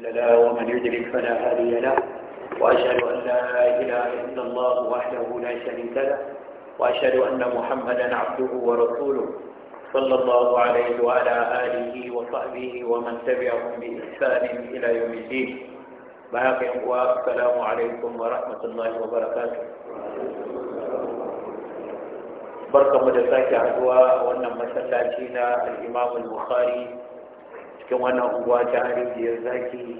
مضل له ومن يدرك فلا هادي له وأشهد أن لا إله إلا الله وحده لا شريك له وأشهد أن محمدا عبده ورسوله صلى الله عليه وعلى آله وصحبه ومن تبعهم بإحسان إلى يوم الدين باقي السلام عليكم ورحمة الله وبركاته بركة مدرسة عدوى وأن مسلاتنا الإمام البخاري cikin wannan unguwa ta biyar zaki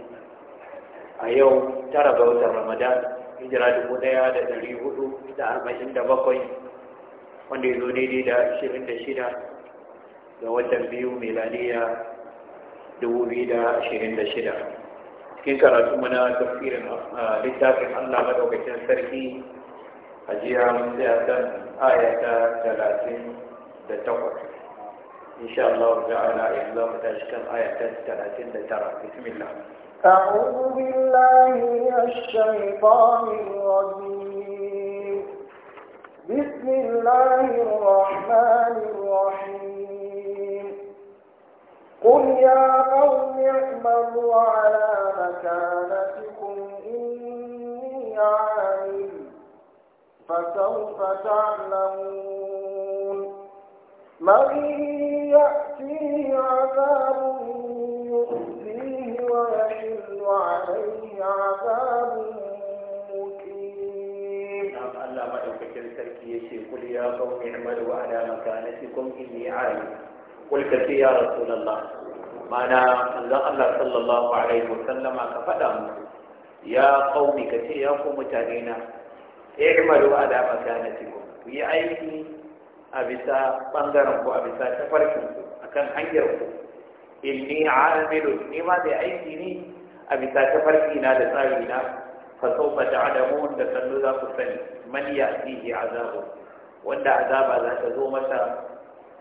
a yau tara ga watan ramadan hijira dubu ɗaya da ɗari hudu da arba'in da bakwai wanda ya zo daidai da ashirin da shida ga watan biyu melaniya dubu biyu da ashirin da shida cikin karatu muna tafsirin littafin allah madaukakin sarki a jiya mun tsaya kan aya ta talatin da takwas إن شاء الله تعالى إخلاق تشكل آية ثلاثين لترى بسم الله أعوذ بالله من الشيطان الرجيم بسم الله الرحمن الرحيم قل يا قوم اعملوا على مكانتكم إني عامل فسوف تعلمون من يأتيه عذاب يؤذيه ويحل عليه عذاب Allah maɗaukakin sarki ya ce kul ya kawo ni'malu ala makanatikum inni ali kul ka ce ya rasulullah mana manzon Allah sallallahu alaihi wasallama ka faɗa musu ya qaumi ka ce ya ku mutane na i'malu ala makanatikum ku yi aiki a bisa ɓangaren ku a bisa tafarkin ku a kan hanyar ku inni amilun ni ma da aiki ne a bisa tafarki na da tsari na fasaufa da adamun da sannu za ku sani man ya fihi azabu wanda azaba za ta zo masa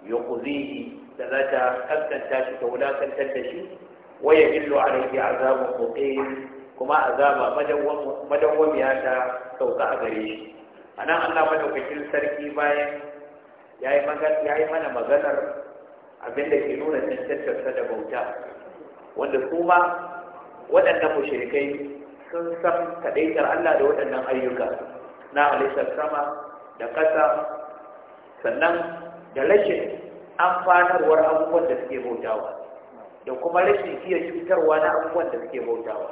yuqzihi da za ta kaskanta shi ta wulakantar da shi wa yadillu alayhi azabun muqim kuma azaba madawwamiya ta sauka a gare shi a nan allah madaukakin sarki bayan ya yi mana maganar abin da ke nuna cancantarsa da bauta wanda kuma waɗannan mushrikai sun san kaɗaitar Allah da waɗannan ayyuka na halittar sama da ƙasa sannan da rashin amfanarwar abubuwan da suke bautawa da kuma rashin iya cutarwa na abubuwan da suke bautawa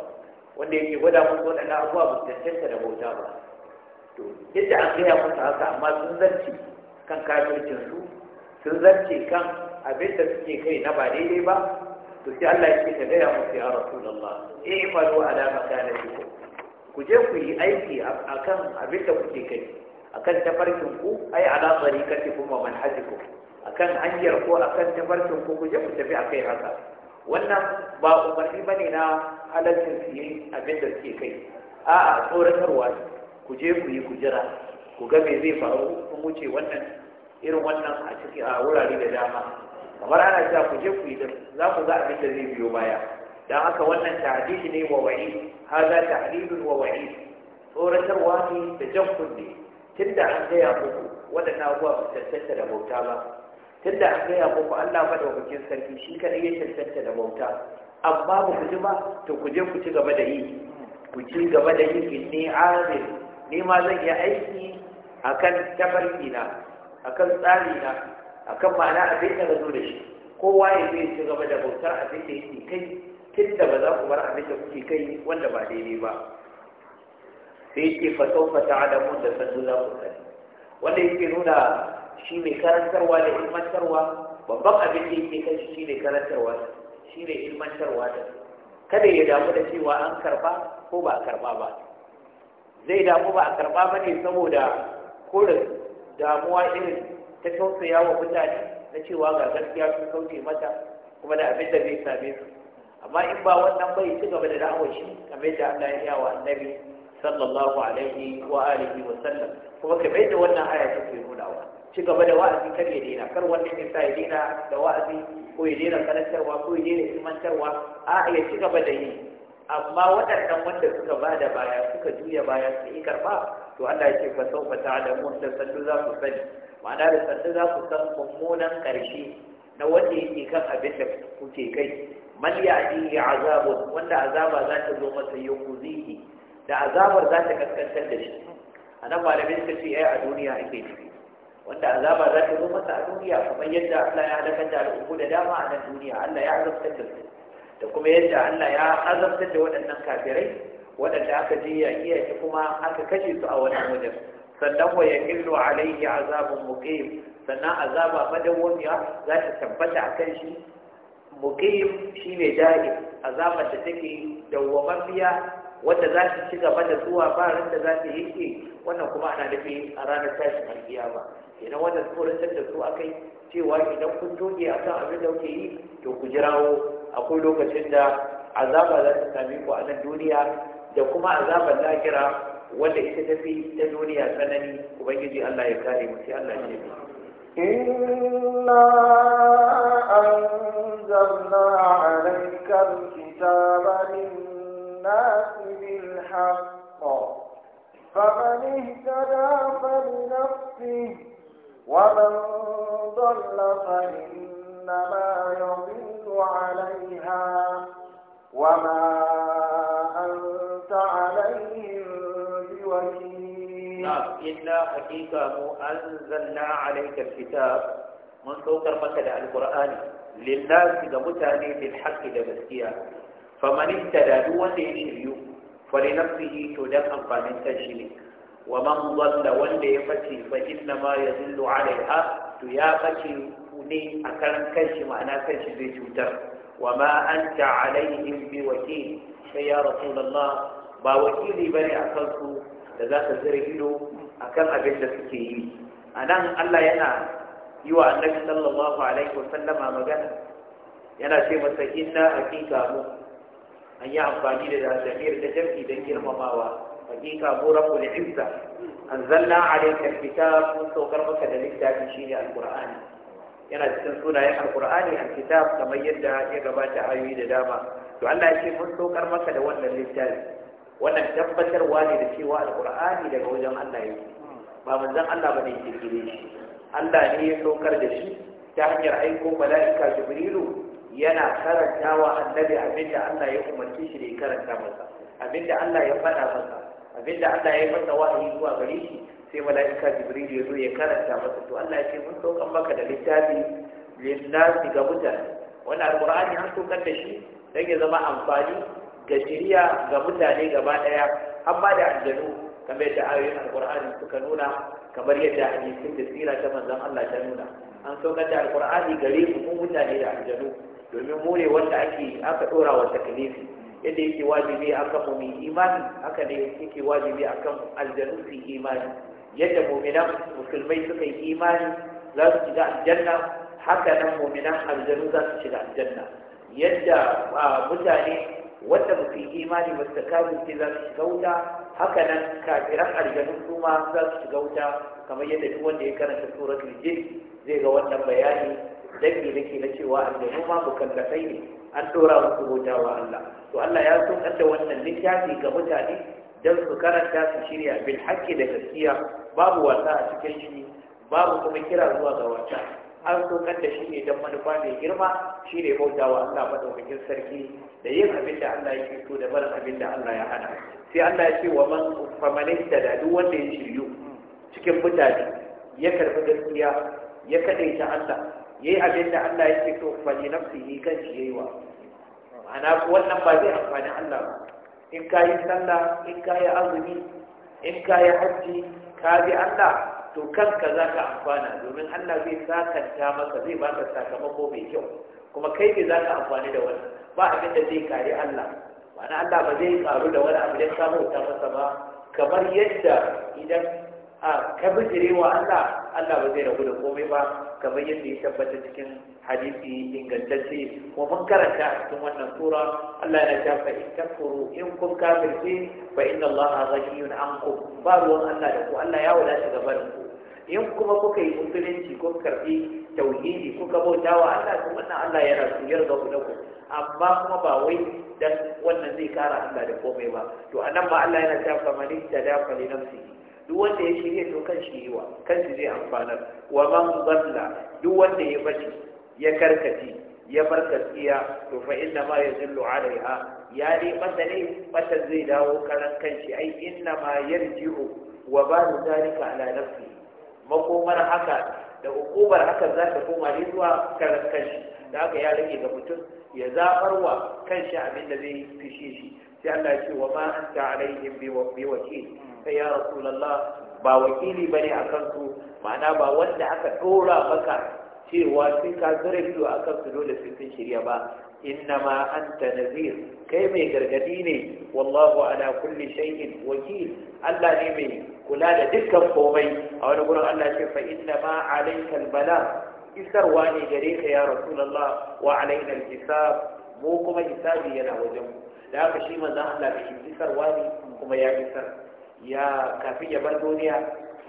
wanda yake gwada musu waɗannan abubuwa ba su cancanta da bauta ba to yadda an gaya musu haka amma sun zanci kan kafircinsu sun zance kan abin da suke kai na ba daidai ba to sai Allah ya ce ka gaya musu ya rasulullah eh imalu ala makanatikum ku je ku yi aiki akan abin da kuke kai akan tafarkin ku ai ala kuma wa A akan hanyar ko akan tafarkin ku ku je ku tafi akai haka wannan ba umarni bane na halaccin su yi abin da suke kai a'a tsoratarwa ku je ku yi ku jira ku ga me zai faru kun wuce wannan irin wannan a cikin a wurare da dama kamar ana cewa ku je ku yi dan za ku ga abin da zai biyo baya dan haka wannan tahdidi ne wa wa'i hada tahdidun wa wa'i tsoratarwa ne da jan kunne tunda an gaya muku waɗannan abubuwa ba cancanta da bauta ba tunda an gaya muku Allah madaukakin sarki shi kadai ya cancanta da bauta amma ba ku ji ba to ku je ku ci gaba da yi ku ci gaba da yi inni amir ni ma zan yi aiki akan tafarkina, akan tsarina, akan ma'ana abin da zo da shi kowa ya zai ci gaba da bautar abin da yake kai tun da ba za ku bar abin da kuke kai wanda ba daidai ba sai ke fasau ta adamu da sannu za ku sani wanda yake nuna shi mai karantarwa da ilmantarwa babban abin da yake kai shi ne karantarwa shi ne ilmantarwa da kada ya damu da cewa an karba ko ba a karba ba zai damu ba a karba ba ne saboda kore damuwa irin ta tausaya wa mutane na cewa ga gaskiya sun kauce mata kuma da abin da zai same su amma in ba wannan bai ci gaba da da'awar shi kamar da Allah ya yawa annabi sallallahu alaihi wa alihi wa sallam kuma kamar da wannan aya nuna wa ci gaba da wa'azi kar ya daina kar wanda ya sa ya daina da wa'azi ko ya daina karantarwa ko ya daina ilmantarwa a ya ci gaba da yi amma waɗannan wanda suka ba da baya suka juya baya su yi karɓa to Allah ya ce fa sau fata alamun da sandu za ku sani ma'ana da sandu za ku san mummunan ƙarshe na wanda yake kan abin da kuke kai man ya ji wanda azaba za ta zo masa yankuzihi da azabar za ta kaskantar da shi a nan malamin suka ce ai a duniya ake nufi wanda azaba za ta zo masa a duniya kamar yadda Allah ya halakar da al'ummu da dama a nan duniya Allah ya azabtar da su da kuma yadda Allah ya azabtar da waɗannan kafirai waɗanda aka je yaƙi kuma aka kashe su a wani wajen sannan wa yaƙillu alaihi azabun muqim sannan azaba madawwamiya za ta tabbata a kan shi muqim shine da'i azaba da take dawwamammiya wanda za ta ci gaba da zuwa ba ran da za ta yake wannan kuma ana nufi a ranar tashin alkiyama idan wanda tsoratar da su akai cewa idan kun a akan abin da kuke yi to ku jirawo akwai lokacin da azaba za ta same ku a nan duniya da kuma azabar lahira wanda ita ta fi ta duniya tsanani ubangiji Allah ya kare mu sai Allah ya ce إنا أنزلنا عليك الكتاب للناس بالحق فمن اهتدى فلنفسه ومن ضل فإنما يضل عليها وما أنزل لست عليهم بوكيل نعم إنا حقيقة أنزلنا عليك الكتاب من سوكر مثل القرآن للناس كمتاني بالحق لبسكيا فمن اهتدى دون يشريو فلنفسه تدفع فمن تشريك ومن ضل وند يفتي فإنما يدل عليها تيافتي ne a karan kanshi ma'ana kanshi zai cutar wa ma an ta alaihim bi wakil sai ya rasulullah ba wakili ne a kansu da za ka zira ido akan abin da suke yi a nan Allah yana yi wa annabi sallallahu alaihi wasallama magana yana ce masa inna hakika kamu an yi amfani da damir da jam'i don girmamawa hakika mu rabbul izza anzalna alayka fita mun saukar maka da littafi shine alqur'ani yana cikin sunayen a alkitab kamar yadda ya gabata ayoyi da dama to Allah ya ce mun saukar maka da wannan littafi wannan tabbatarwa ne da cewa alqur'ani daga wajen Allah yake ba manzon Allah bane yake kire shi Allah ne ya saukar da shi ta hanyar aiko mala'ika jibrilu yana karantawa annabi abinda Allah ya umarci shi da karanta masa abinda Allah ya faɗa masa abinda Allah ya masa wahayi zuwa gare shi sai mala'ika jibril ya zo ya karanta masa to Allah ya ce mun saukan maka da littafi lillahi ga mutane wannan alqur'ani an saukar da shi don ya zama amfani ga shiriya ga mutane gaba ɗaya an ba da aljanu kamar yadda ayoyin alkur'ani suka nuna kamar yadda hadisin da tsira ta manzon Allah ta nuna an saukar da alkur'ani gare mu mu mutane da aljanu domin more wanda ake aka dora wa taklifi yadda yake wajibi akan mu imani haka ne yake wajibi akan aljanu su imani yadda mu'minan musulmai suka yi imani za su shiga aljanna haka nan mu'minan aljanu za su shiga aljanna yadda mutane wanda ba su yi imani ba su ce za su shiga wuta haka nan kafiran aljanun su ma za su shiga wuta kamar yadda duk wanda ya karanta suratul jin zai ga wannan bayani dangi ke na cewa aljanu ma kallafai ne an dora musu wuta wa Allah to Allah ya so kanta wannan littafi ga mutane dan su karanta su shirya bil haqqi da gaskiya babu wasa a cikin shi babu kuma kira zuwa ga wata an sokar da shi ne don manufa mai girma shi ne bauta wa Allah madaukakin sarki da yin abin da Allah ya so da barin abin da Allah ya hana sai Allah ya ce wa man famalin da duk wanda ya shiryu cikin mutane ya karbi gaskiya ya kadaita Allah yayi abin da Allah yake so fa su yi kan shi yayi wa ma'ana wannan ba zai amfani Allah ba in yi sallah in yi azumi in yi hajji ka bi Allah to kanka za ka amfana domin Allah zai sakanta maka zai baka sakamako mai kyau kuma kai ne za ka amfani da wani ba abin da zai kare Allah ma'ana Allah ba zai karu da wani abin da samu ta masa ba kamar yadda idan a ka bijire wa Allah Allah ba zai rabu da komai ba kamar yadda ya tabbata cikin hadisi ingantacce ko mun karanta a cikin wannan sura Allah ya ta fa in takfuru in kun kafirce fa inna Allah ghaniyun ankum ba ruwan Allah da ku Allah ya wadata gabarin ku in kuma kuka yi musulunci ko karbi tauhidi kuka bauta wa Allah to wannan Allah ya rasu ya rabu da ku amma kuma ba wai dan wannan zai kara Allah da komai ba to anan ba Allah yana cewa faman tada fa li nafsihi duk wanda ya shirye to kan shi yiwa kan shi zai amfana wa man dalla duk wanda ya bace ya karkace ya bar gaskiya to fa inna ma yazillu alaiha ya dai masa ne zai dawo karan shi ai inna ma yarjihu wa ba zalika ala nafsihi makomar haka da hukumar hakan za ta koma ne zuwa karan kanshi da haka ya rage ga mutum ya zaɓar wa kanshi abin da zai fishe shi sai Allah ya ce wa ma anta alaihim bi wakil sai ya rasulullah ba wakili bane akan su ma'ana ba wanda aka ɗora maka cewa sai ka zara a akan su dole sai sun shirya ba innama anta nazir kai mai gargadi ne wallahu ala kulli shay'in wakil Allah ne mai kula da dukkan komai a wani gurin Allah ce fa innama alaykal bala isarwa ne gare ka ya rasulullah wa alaina alhisab mu kuma hisabi yana wajen mu da haka shi manzon Allah bai isarwa ne kuma ya isar ya kafin ya bar duniya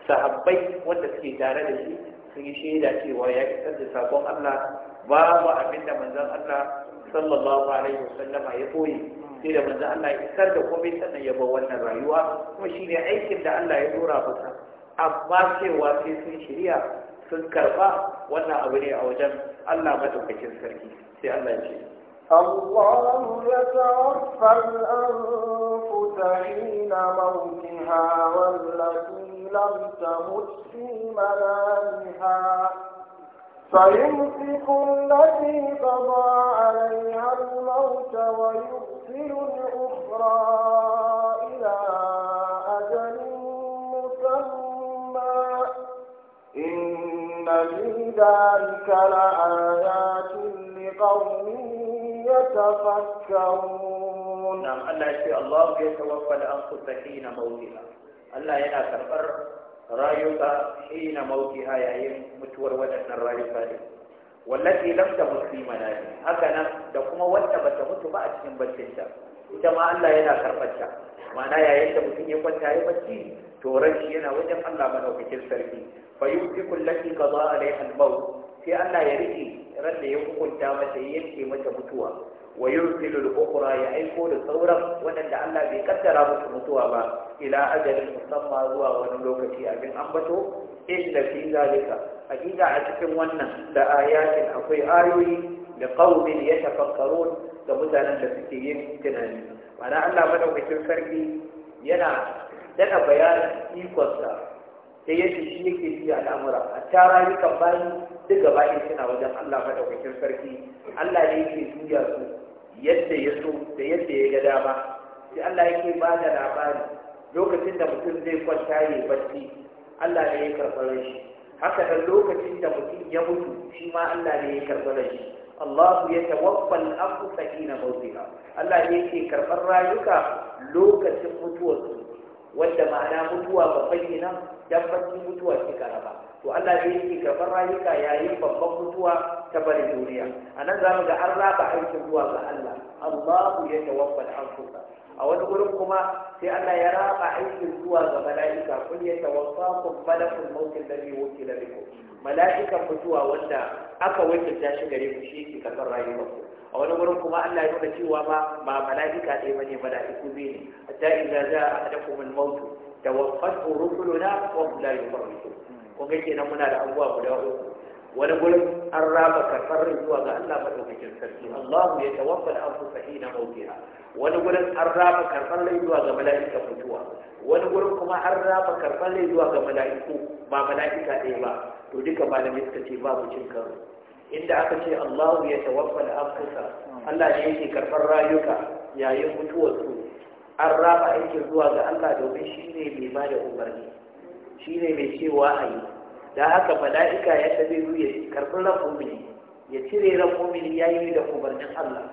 sahabbai wanda suke tare da shi sun yi cewa ya isar da sakon Allah babu abin da manzon Allah sallallahu alaihi wasallam ya koyi sai da manzo Allah ya isar da komai sannan ya bar wannan rayuwa kuma shine aikin da Allah ya dora masa amma cewa sai sun shirya sun karba wannan abu ne a wajen Allah madaukakin sarki sai Allah ya ce الله يتوفى الأنفس حين موتها والتي لم تمت في منامها فيمسك التي قضى عليها الموت ويرسل الأخرى إلى أجل مسمى إن في ذلك لآيات لقوم يتفكرون نعم الله يتوفى الأنفس حين موتها Allah yana karɓar rayuka hina mautiha yayin mutuwar waɗannan rayuka ne wallafi lam ta muslima na ne haka nan da kuma wanda bata mutu ba a cikin baccinta ita ma Allah yana karɓarta ma'ana yayin da mutum ya kwanta ya bacci to shi yana wajen Allah madaukakin sarki fa yumsiku allati qada alaiha al-maut sai Allah ya rike ran da ya hukunta mata yanke mata mutuwa wa yursilu al ya aiko da sauran waɗanda Allah bai kaddara masu mutuwa ba ila ajalin musamman zuwa wani lokaci abin ambato inda fi zalika hakika a cikin wannan da ayatin akwai ayoyi da qaumin yatafakkarun da mutanen da suke yin tunani ma'ana Allah madaukakin sarki yana daɗa bayanin ikonsa sai yake yi al'amura a ta rayukan bayi duk gaba suna wajen Allah madaukakin sarki Allah ne yake juya su yadda ya so da yadda ya ga dama sai Allah yake ba da labari lokacin da mutum zai kwanta ya yi barci Allah ne ya karɓar shi haka da lokacin da mutum ya mutu shi ma Allah ne ya karɓar shi Allah ya tawaffal anfusa hina mawtiha Allah ne yake karɓar rayuka lokacin mutuwarsu wanda ma'ana mutuwa ba bayyana tabbacin mutuwa ce karaba to Allah ne yake karɓar rayuka yayin babban mutuwa ta bari duniya a nan za mu ga an raba aikin zuwa ga Allah Allahu ya tawaffa al-anfusa a wani gurin kuma sai Allah ya raba aikin zuwa ga mala'ika kun ya tawaffakum malakul maut alladhi wukila bikum mala'ikan mutuwa wanda aka wakilta shi gare ku shi ke karɓar ku a wani wurin kuma Allah ya nuna cewa ba, ba mala'ika ɗaya bane mala'iku biyu ne hatta idza Da ahadakum al-maut tawaffatu rusuluna wa hum la yufarritun Ko ga kenan muna da abubuwa guda uku wani gurin an raba kafarin zuwa ga Allah madaukakin sarki Allahu ya tawaffa al-anfusa hina mautiha wani gurin an raba kafarin zuwa ga mala'ika mutuwa wani gurin kuma an raba kafarin zuwa ga mala'iku ba mala'ika ɗaya ba to duka malamai suka ce babu cin karo inda aka ce Allahu ya tawaffa da afkusa Allah ne yake karɓar rayuka yayin mutuwarsu an raba aikin zuwa ga Allah domin shi ne mai ba da umarni shi ne mai cewa a da haka mala'ika ya tabi ya karɓi ran ya cire ran mumini ya yi da umarnin Allah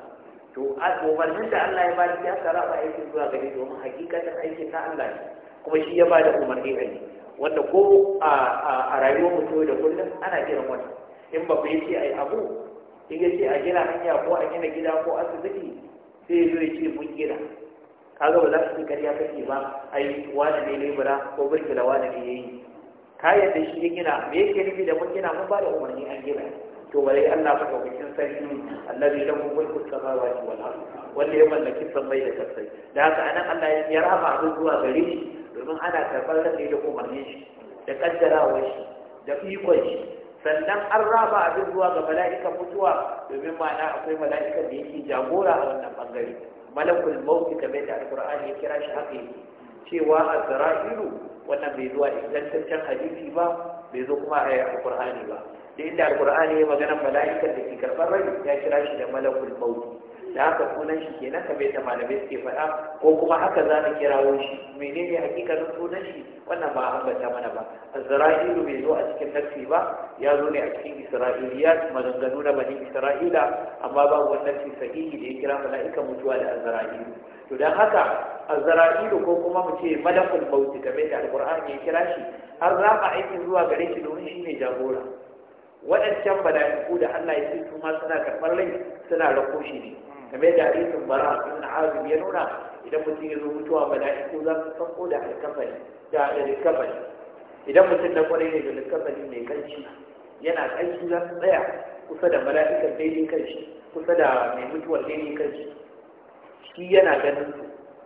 to umarnin da Allah ya ba da ya raba aikin zuwa gare domin hakikatan aikin na Allah ne kuma shi ya ba da umarni a ne, wanda ko a rayuwar mutum da kullum ana kiran wannan in ba ku a yi abu in ce a gina hanya ko a gina gida ko asibiti sai ya zo ya ce mun gina kaga ba za ka ce karya kake ba A yi wani ne lebura ko burkila wani ne yayi kayan da shi ya gina me yake nufi da mun gina mun ba da umarni an gina to bare Allah maka bikin sarki allazi lahu mulku samawati wal ard wanda ya mallaki sammai da kasai da haka anan Allah ya raba abin zuwa gare shi domin ana karɓar da da umarni shi da kaddarawa shi da ikon shi sannan an raba abin zuwa ga mala'ikan mutuwa domin ma'ana akwai mala'ikan da yake jagora a wannan bangare malakul mauti kamar da alqur'ani ya kira shi haka yake cewa azra'ilu wannan bai zuwa ingantaccen hadisi ba bai zo kuma a alqur'ani ba da inda alqur'ani ya magana mala'ikan da ke karɓar rai ya kira shi da malakul mauti da aka sunan shi ke kenan bai da malamai suke faɗa ko kuma haka za mu kirawo shi menene hakikanin sunan shi wannan ba ambata mana ba azra'ilu bai zo a cikin nafsi ba ya zo ne a cikin isra'iliyat maganganu na bani isra'ila amma ba wani nafsi sahihi da ya kira mala'ika mutuwa da azra'ilu to dan haka azra'ilu ko kuma mu ce malakul maut kamar da alqur'ani ya kira shi Har za raba aikin zuwa gare shi domin shi ne jagora waɗancan bala'iku da Allah ya ce su ma suna karɓar rai suna rako shi ne kamar da hadisin bara ibn azib ya nuna idan mutum ya zo mutuwa mala'iku za su sauko da alkafari da alkafari idan mutum na kwarai ne da alkafari mai kanci yana kanci za su tsaya kusa da mala'ikan daidai kanshi kusa da mai mutuwar daidai kanshi shi yana ganin su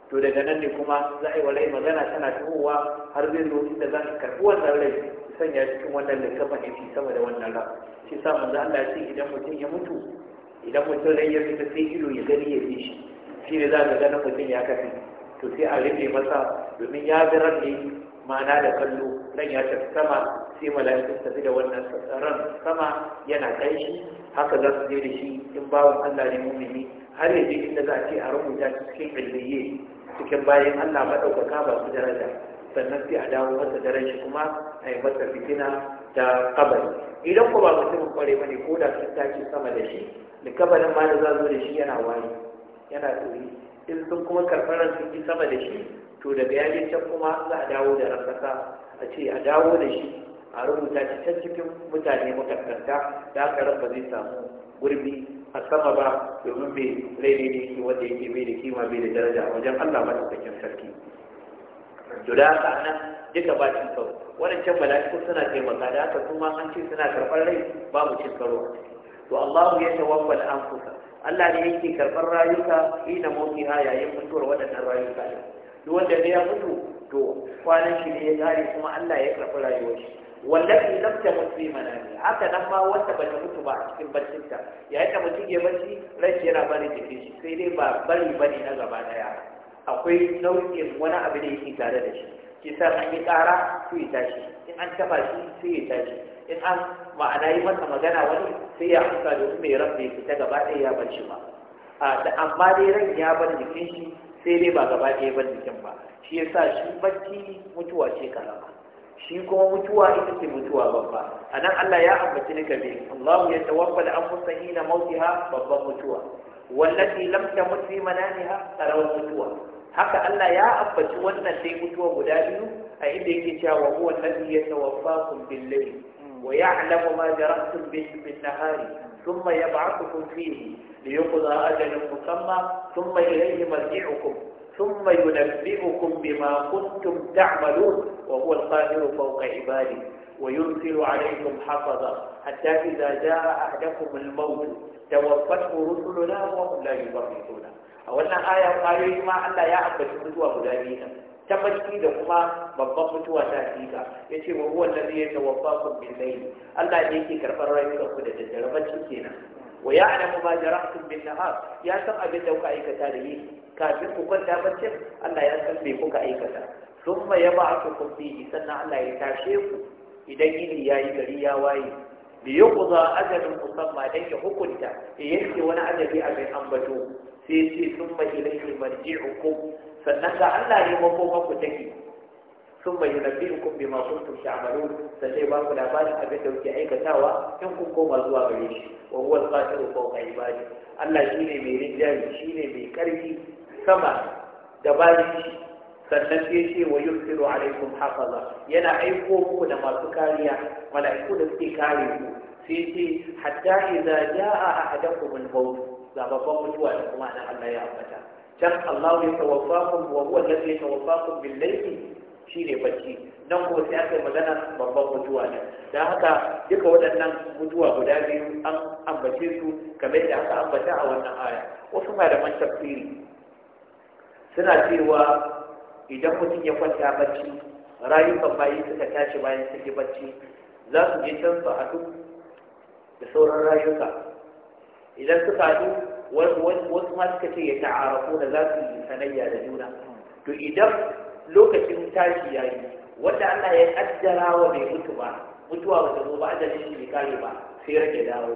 to daga nan ne kuma za a yi walai magana tana tahowa har zai zo inda za ka karɓi wannan rai sanya cikin wannan littafin ne sama da wannan rai shi sa manzo Allah ce idan mutum ya mutu idan mutum rai ya fita sai ido ya gani ya fi shi shi ne za ka gani mutum ya kafi to sai a rufe masa domin ya bi ran ne ma'ana da kallo nan ya tafi sama sai mala'ikun tafi da wannan ran sama yana kai shi haka za su je da shi in wa Allah ne mumini har yanzu inda za a ce a rubuta cikin ilmiye cikin bayan Allah madaukaka ba su daraja sannan sai a dawo masa daren shi kuma a yi masa fitina ta kabari idan ko ba mutum kware ne ko da sun tashi sama da shi da kabarin ma da za zo da shi yana wari yana tsori in sun kuma karɓar sun yi sama da shi to daga yaje can kuma za a dawo da rafasa a ce a dawo da shi a rubuta shi can cikin mutane makaranta da aka raba zai samu gurbi a sama ba domin bai rai ne wanda yake bai da kima bai da daraja wajen Allah madaukakin sarki to ka nan duka ba cin karo wadancan ko suna taimaka da haka kuma an ce suna karɓar rai babu cin karo to Allahu ya tawaffa al-anfusa Allah ne yake karɓar rayuka ina mauti ha yayin mutuwar waɗannan rayuka duk wanda ne ya mutu to kwanan shi ne ya gari kuma Allah ya karɓi rayuwar shi wallahi lam tamut fi manami haka nan ma wanda bata mutu ba a cikin baccinta. yayin da mutum ya rai rai yana bari jikin shi sai dai ba bari bane na gaba daya akwai nau'in wani abu da yake tare da shi ke sa an yi ƙara su yi tashi in an taba shi su yi tashi in an ma'ana yi masa magana wani sai ya amsa domin mai ran ya fita gaba ɗaya ya bar shi ba da amma dai ran ya bar jikin shi sai dai ba gaba ɗaya bar jikin ba shi ya sa shi barci mutuwa ce karama shi kuma mutuwa ita ce mutuwa babba a nan Allah ya ambaci ni kabe Allah ya tawaffa da amfusa hina mautiha babban mutuwa wallafi lam tamut fi manamiha mutuwa haka Allah ya ambaci wannan sai mutuwa guda biyu a inda yake cewa wa huwa alladhi yatawaffakum bil layl wa ya'lamu ma jarahtum bihi bin nahari thumma yab'athukum fihi liyuqda ajalan musamma thumma ilayhi marji'ukum thumma yunabbi'ukum bima kuntum ثم ينبئكم بما كنتم تعملون وهو القاهر فوق عباده ويرسل عليكم حفظا حتى إذا جاء أحدكم الموت توفته رسلنا وهم la يفرطون a wannan ayar ayoyi ma Allah ya ambaci mutuwa guda biyu ta barci da kuma babban mutuwa ta hakika ya ce wa huwa allazi yatawaffakum bil layl Allah ne yake karɓar ku da daddare barci kenan wa ya'lamu ma jarahtum bin nahar ya san abin da kuka aikata da yi kafin ku kwanta bacci Allah ya san me kuka aikata thumma yab'athukum fihi sannan Allah ya tashe ku idan yini yayi gari ya waye liyuqda ajalun musamma dan ya hukunta ya yanke wani ajali a bai ambato sai ce sun mai ilaihi hukum sannan ga Allah ne makoma ku take sun mai yunabbi'ukum bima kuntum ta'malun sai ba ku labarin abin da kuke aikatawa in kun koma zuwa gare shi wa huwa al-qadiru fawqa ibadi Allah shine mai rinjayi shine mai karfi sama da bayan shi sannan sai ce wa yusiru alaikum hafaza yana aiko muku da masu kariya mala'iku da suke kare ku sai ce hatta idza jaa ahadakum al-maut ga babban mutuwa da kuma nan Allah ya ambata can Allah ya tawaffakum wa huwa alladhi yatawaffakum bil layli shine bacci nan kuma sai aka magana babban mutuwa ne dan haka duka waɗannan mutuwa guda biyu an ambace su kamar da aka ambata a wannan aya wasu malaman tafsiri suna cewa idan mutum ya kwanta bacci rayukan bayi suka tashi bayan suke bacci za su je canza a duk da sauran rayuka idan suka haɗu wasu ma suka ce ya ta'arafu da za su yi sanayya da juna to idan lokacin tashi ya yi wanda Allah ya kaddara wa bai mutu ba mutuwa ba ta zo ba ajalin shi ne kare ba sai rage dawo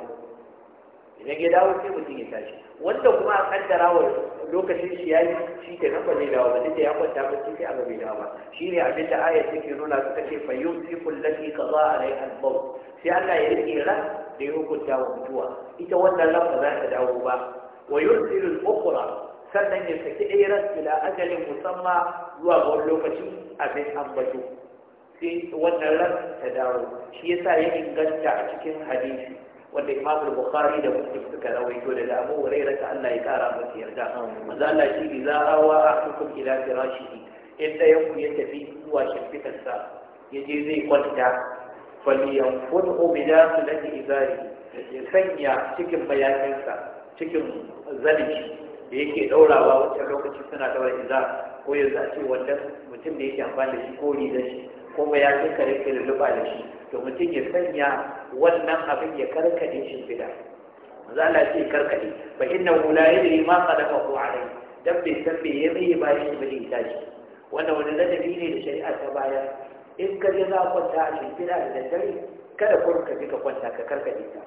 idan ya dawo sai mutum ya tashi wanda kuma a kaddara wa lokacin shi ya yi shi ke nan ba zai dawo ba duk da ya kwanta ba shi sai aka bai dawo ba shi ne abin da ayat take nuna suka ce fa yumsiku allati qada alaiha al-maut sai Allah ya rike ran da ya hukunta wa mutuwa ita wannan ran ba za ta dawo ba wa yursilu ukhra sannan ya saki ɗaya ran ila ajalin musamman zuwa ga wani lokaci abin ambato sai wannan ran ta dawo shi yasa ya inganta a cikin hadisi wanda Imam Bukhari da Muslim suka rawaito daga Abu Hurairah ta Allah ya kara masa yarda manzo Allah shi idza rawa ahadukum ila firashihi inda yanku ya tafi zuwa shimfikarsa ya je zai kwanta falyanfunhu bi dakhilati izari ya sanya cikin mayakinsa cikin zalici da yake daurawa wancan lokaci suna daura izar ko ya za ce wannan mutum da yake amfani da shi ko da shi ko mayakin ka da yake lulluɓa da shi to mutum ya sanya wannan abin ya karkade shi fida za na ce karkade fa inna la yadri ma qadama ko alai dan bai san me ya mai ba shi bane ita shi wannan wani ladabi ne da shari'a ta bayar in ka je za a kwanta a shimfiɗa da daddare kada kuma ka ji ka kwanta ka karka ta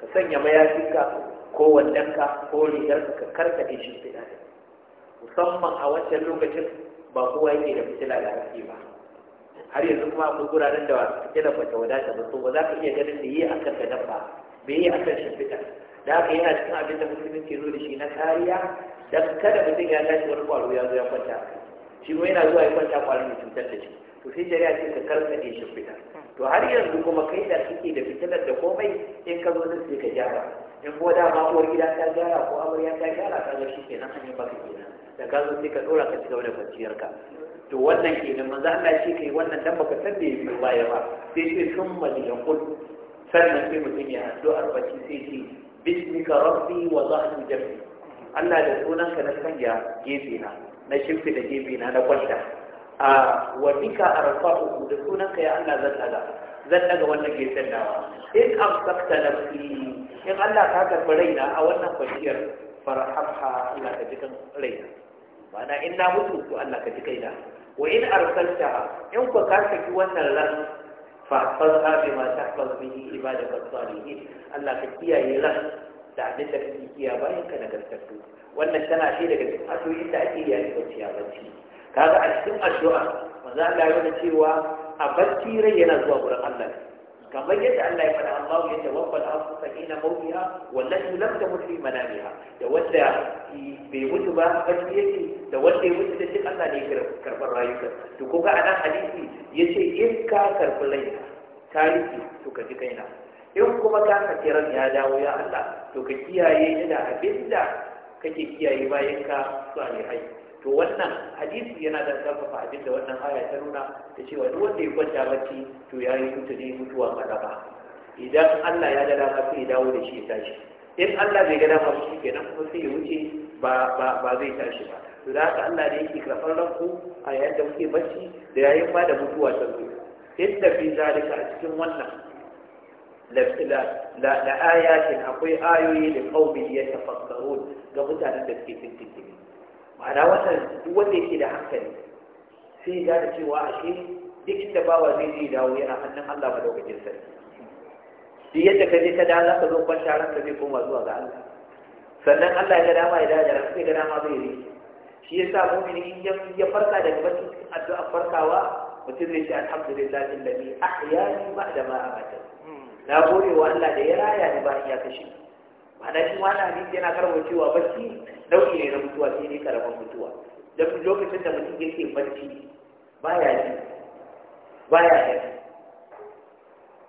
ka sanya mayafinka ko wandonka ko rigar ka karkaɗe shimfiɗa da musamman a wancan lokacin ba kowa yake da fitila da rafi ba har yanzu kuma akwai guraren da suke ba ta wadata ba so ba za ka iya ganin da yi a kan gadon ba me yi a kan shimfiɗa da haka yana cikin abin da musulmin ke zo da shi na kariya don kada mutum ya tashi wani kwaro ya zo ya kwanta shi kuma yana zuwa ya kwanta kwaron da cutar da shi to sai shari'a ce ka karkaɗe shi fita to har yanzu kuma kai da kake da fitilar da komai in ka zo nan sai ka gyara in ko da ma uwar gida ta gyara ko amarya ta gyara ka ga shi kenan an yi baka kenan da ka zo sai ka ɗora ka ci gaba da kwanciyarka to wannan kenan manzo Allah ya ce kai wannan dan baka san da biyo baya ba sai ce sun maliyakul sannan sai mutum ya addu'ar bacci sai ce bismika rabbi wa zahru jambi Allah da sunanka na sanya gefe na na shimfi da gefe na na kwanta a wadika uku da sunanka ya Allah zan daga zan daga wannan ke sannawa in amsakta nafsi in Allah ka karɓi raina a wannan kwanciyar farhabha ila ka raina ma'ana in na mutu to Allah ka ji kaina wa in arsaltaha in ku ka saki wannan ran فاحفظها بما تحفظ به عبادك الصالحين الله كتيا يلغ تعدد كتيا باين كان قد تكتو وانا السنة شيء لك أتو إلا أتيا لك تيا بجي kaga a cikin addu'a manzo Allah ya cewa a bacci rai yana zuwa gurin Allah kamar yadda Allah ya faɗa Allah ya tawaffal anfusa hina mawtiha wallati lam tamut fi manamiha da wanda bai mutu ba bacci yake da wanda ya mutu da shi Allah ne ya karɓar rayuka to ko ga anan hadisi yace in ka karɓi raina tarihi to ka ji kaina in kuma ka saki ran ya dawo ya Allah to ka kiyaye ina abinda kake kiyaye bayan ka haihu. to wannan hadisi yana da karfafa abin da wannan aya ta nuna da cewa duk wanda ya kwanta bacci to ya yi mutu ne mutuwa maraba idan Allah ya ga dama sai ya dawo da shi ya tashi in Allah bai ga dama shi kenan kuma sai ya wuce ba ba ba zai tashi ba to da haka Allah ne yake karɓar ranku a yayin da kuke bacci da yayin ba da mutuwa ta zo inda fi zalika a cikin wannan la ayatin akwai ayoyi da qaumi yatafakkarun ga mutanen da suke tintin ma'ana wannan duk wanda yake da hankali sai ya gane cewa ashe duk inda bawa zai zai dawo yana hannun Allah madaukakin sarki shi yadda ka je ka da za ka zo kwanta ka zai koma zuwa ga Allah sannan Allah ya ga dama ya dawo ranka ya ga dama zai yi shi ya sa mumini in ya farka daga bacci addu'a farkawa mutum zai ce alhamdulillah illazi ahyani ba'da ma amata hmm. na gode wa Allah da ya raya ni bayan ya kashe ma'ana shi wani hadisi yana karɓar cewa bacci nau'i ne na mutuwa sai ne karamin mutuwa don lokacin da mutum yake bacci baya ji baya ji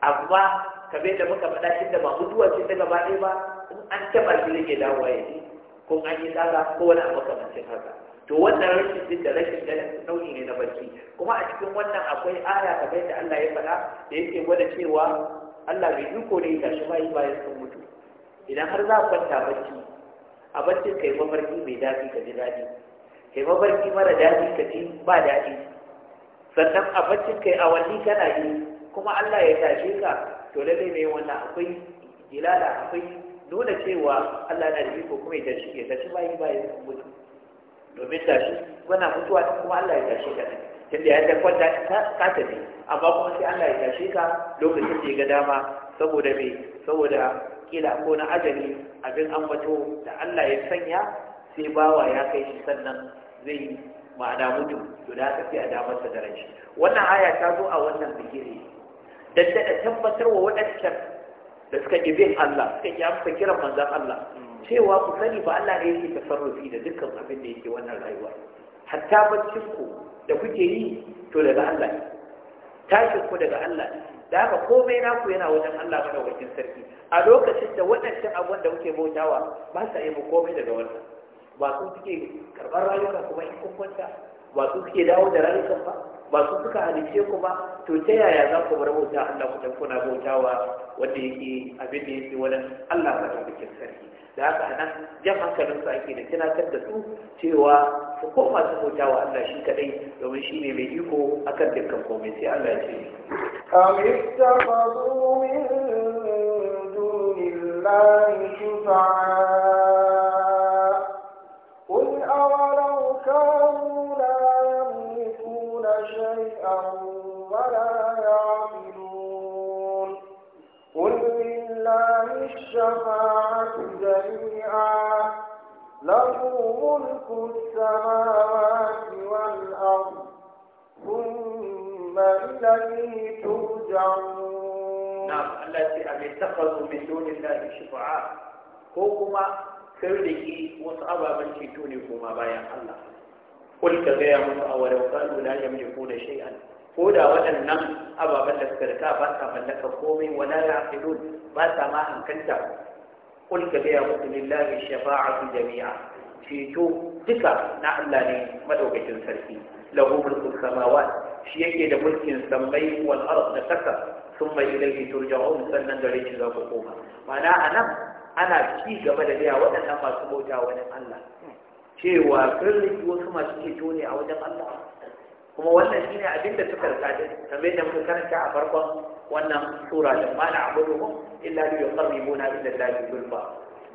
amma kamar da muka faɗa shi da ba mutuwa ce ta gaba ɗaya ba in an taɓa shi zai dawowa ya ji ko an yi tsara ko wani abu cin haka to wannan rashin jin da rashin ganin nau'i ne na bacci kuma a cikin wannan akwai aya kamar da Allah ya faɗa da yake gwada cewa Allah bai yi ko ne ya ba ya bayan sun idan har za ku kwanta bacci a baccin kai mafarki mai daɗi ka ji daɗi kai mafarki mara daɗi ka ji ba daɗi sannan a baccin kai awanni kana yi kuma Allah ya tashe ka to lallai ne wannan akwai jilala akwai nuna cewa Allah na da iko kuma ya tashi ya tashi bayi bayi mutu domin tashi wannan mutuwa kuma Allah ya tashe ka tunda ya kwanta ka tafi amma kuma sai Allah ya tashe ka lokacin da ya ga dama saboda mai saboda kila ko na ajali abin ambato da Allah ya sanya sai bawa ya kai shi sannan zai ma'ana mutum, to da haka sai a damar sa da ran shi wannan aya ta zo a wannan zikiri dan da tabbatar wa waɗancan da suka ƙi bin Allah suka ƙi amsa kiran manzon Allah cewa ku sani ba Allah ne yake tasarrufi da dukkan abin da yake wannan rayuwa hatta baccin ku da kuke yi to daga Allah ne tashin ku daga Allah da haka komai naku yana wajen Allah wajen sarki a lokacin da waɗancan abin da muke bautawa ba sa yi komai daga wannan ba su suke karɓar rayuwa kuma in kun kwanta ba su suke dawo da rayukan ba ba su suka halice kuma, to ta yaya za ku bar bauta Allah ku kuna bautawa wanda yake abin da yake wani Allah ba ta bikin sarki da haka nan jan hankalin su ake da tunatar da su cewa su koma su bautawa Allah shi kadai domin shi ne mai iko akan dukkan komai sai Allah ya ce. Am min لله شفعاء قل أولو كانوا لا يملكون شيئا ولا يعقلون قل لله الشفاعة جميعا له ملك السماوات والأرض ثم إليه ترجعون na Allah ce a mai takazu min donin da shifa'a ko kuma sun riki wasu ababen ceto ne koma bayan Allah kul ka gaya musu a wadau kanu la yamliku da shay'an ko da waɗannan ababen da suka rika ba sa mallaka komai wala yaqilun ba sa ma hankanta ka gaya musu lillahi shafa'atu jami'a ceto duka na Allah ne madaukakin sarki lahu mulku samawat shi yake da mulkin sammai wal ard da saka thumma ilayhi turja'un sannan gare shi za ku koma ma'ana anan ana ci gaba da biya waɗannan masu bauta wani Allah cewa kirliki wasu masu ceto ne a wajen Allah kuma wannan shine abin da suka rasa din kamar yadda muka karanta a farkon wannan sura da ma na abuduhum illa li yuqarribuna ila allahi zulfa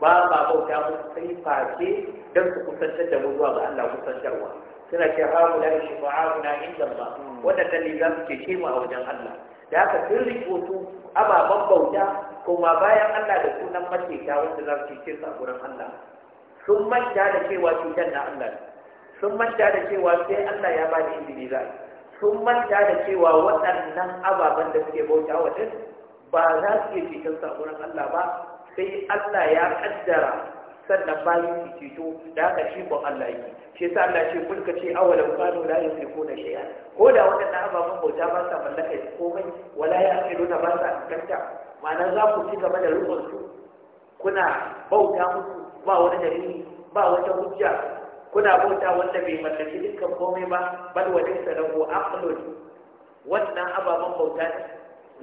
ba ma bauta mu sai face dan su kusantar da mu zuwa ga Allah kusantarwa suna ce haula shifa'una inda Allah wadda dalilin za su ce mu a wajen Allah da aka sun rikotu ababen bauta kuma bayan Allah da sunan maceta wanda za su ce su a gurin Allah sun manta da cewa cutar na Allah sun manta da cewa sai Allah ya bani inda izini za sun manta da cewa waɗannan ababen da suke bauta wa ba za su iya ceton su gurin Allah ba sai Allah ya kaddara sannan bayan su ceto da haka shi ko Allah yake shi yasa Allah ce kul ka ce awalan kanu la na shay'a ko da wadannan ababen bauta ba sa mallaka komai wala ya ya'qiluna ba sa kanta ma'ana za ku ci gaba da rukun su kuna bauta musu ba wani dalili ba wata hujja kuna bauta wanda bai mallaki dukkan komai ba bal wa laysa lahu aqlun wannan ababen bauta ne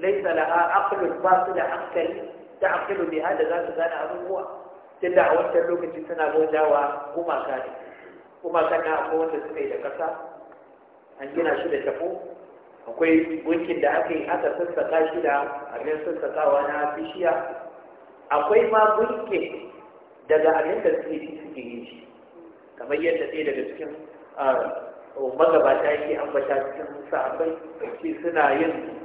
laysa laha aqlun ba su da hankali ta aqlu bi hada za su gane abubuwa tunda a wancan lokaci suna wa gumaka ne gumaka na akwai wanda suka yi da kasa. an gina shi da tafo akwai gunkin da aka yi aka sassaƙa shi da abin sassaƙawa na bishiya akwai ma gunkin daga abin da suke yi suke yi shi kamar yadda ɗaya daga cikin ah, magabata yake ambata cikin sa'abai shi suna yin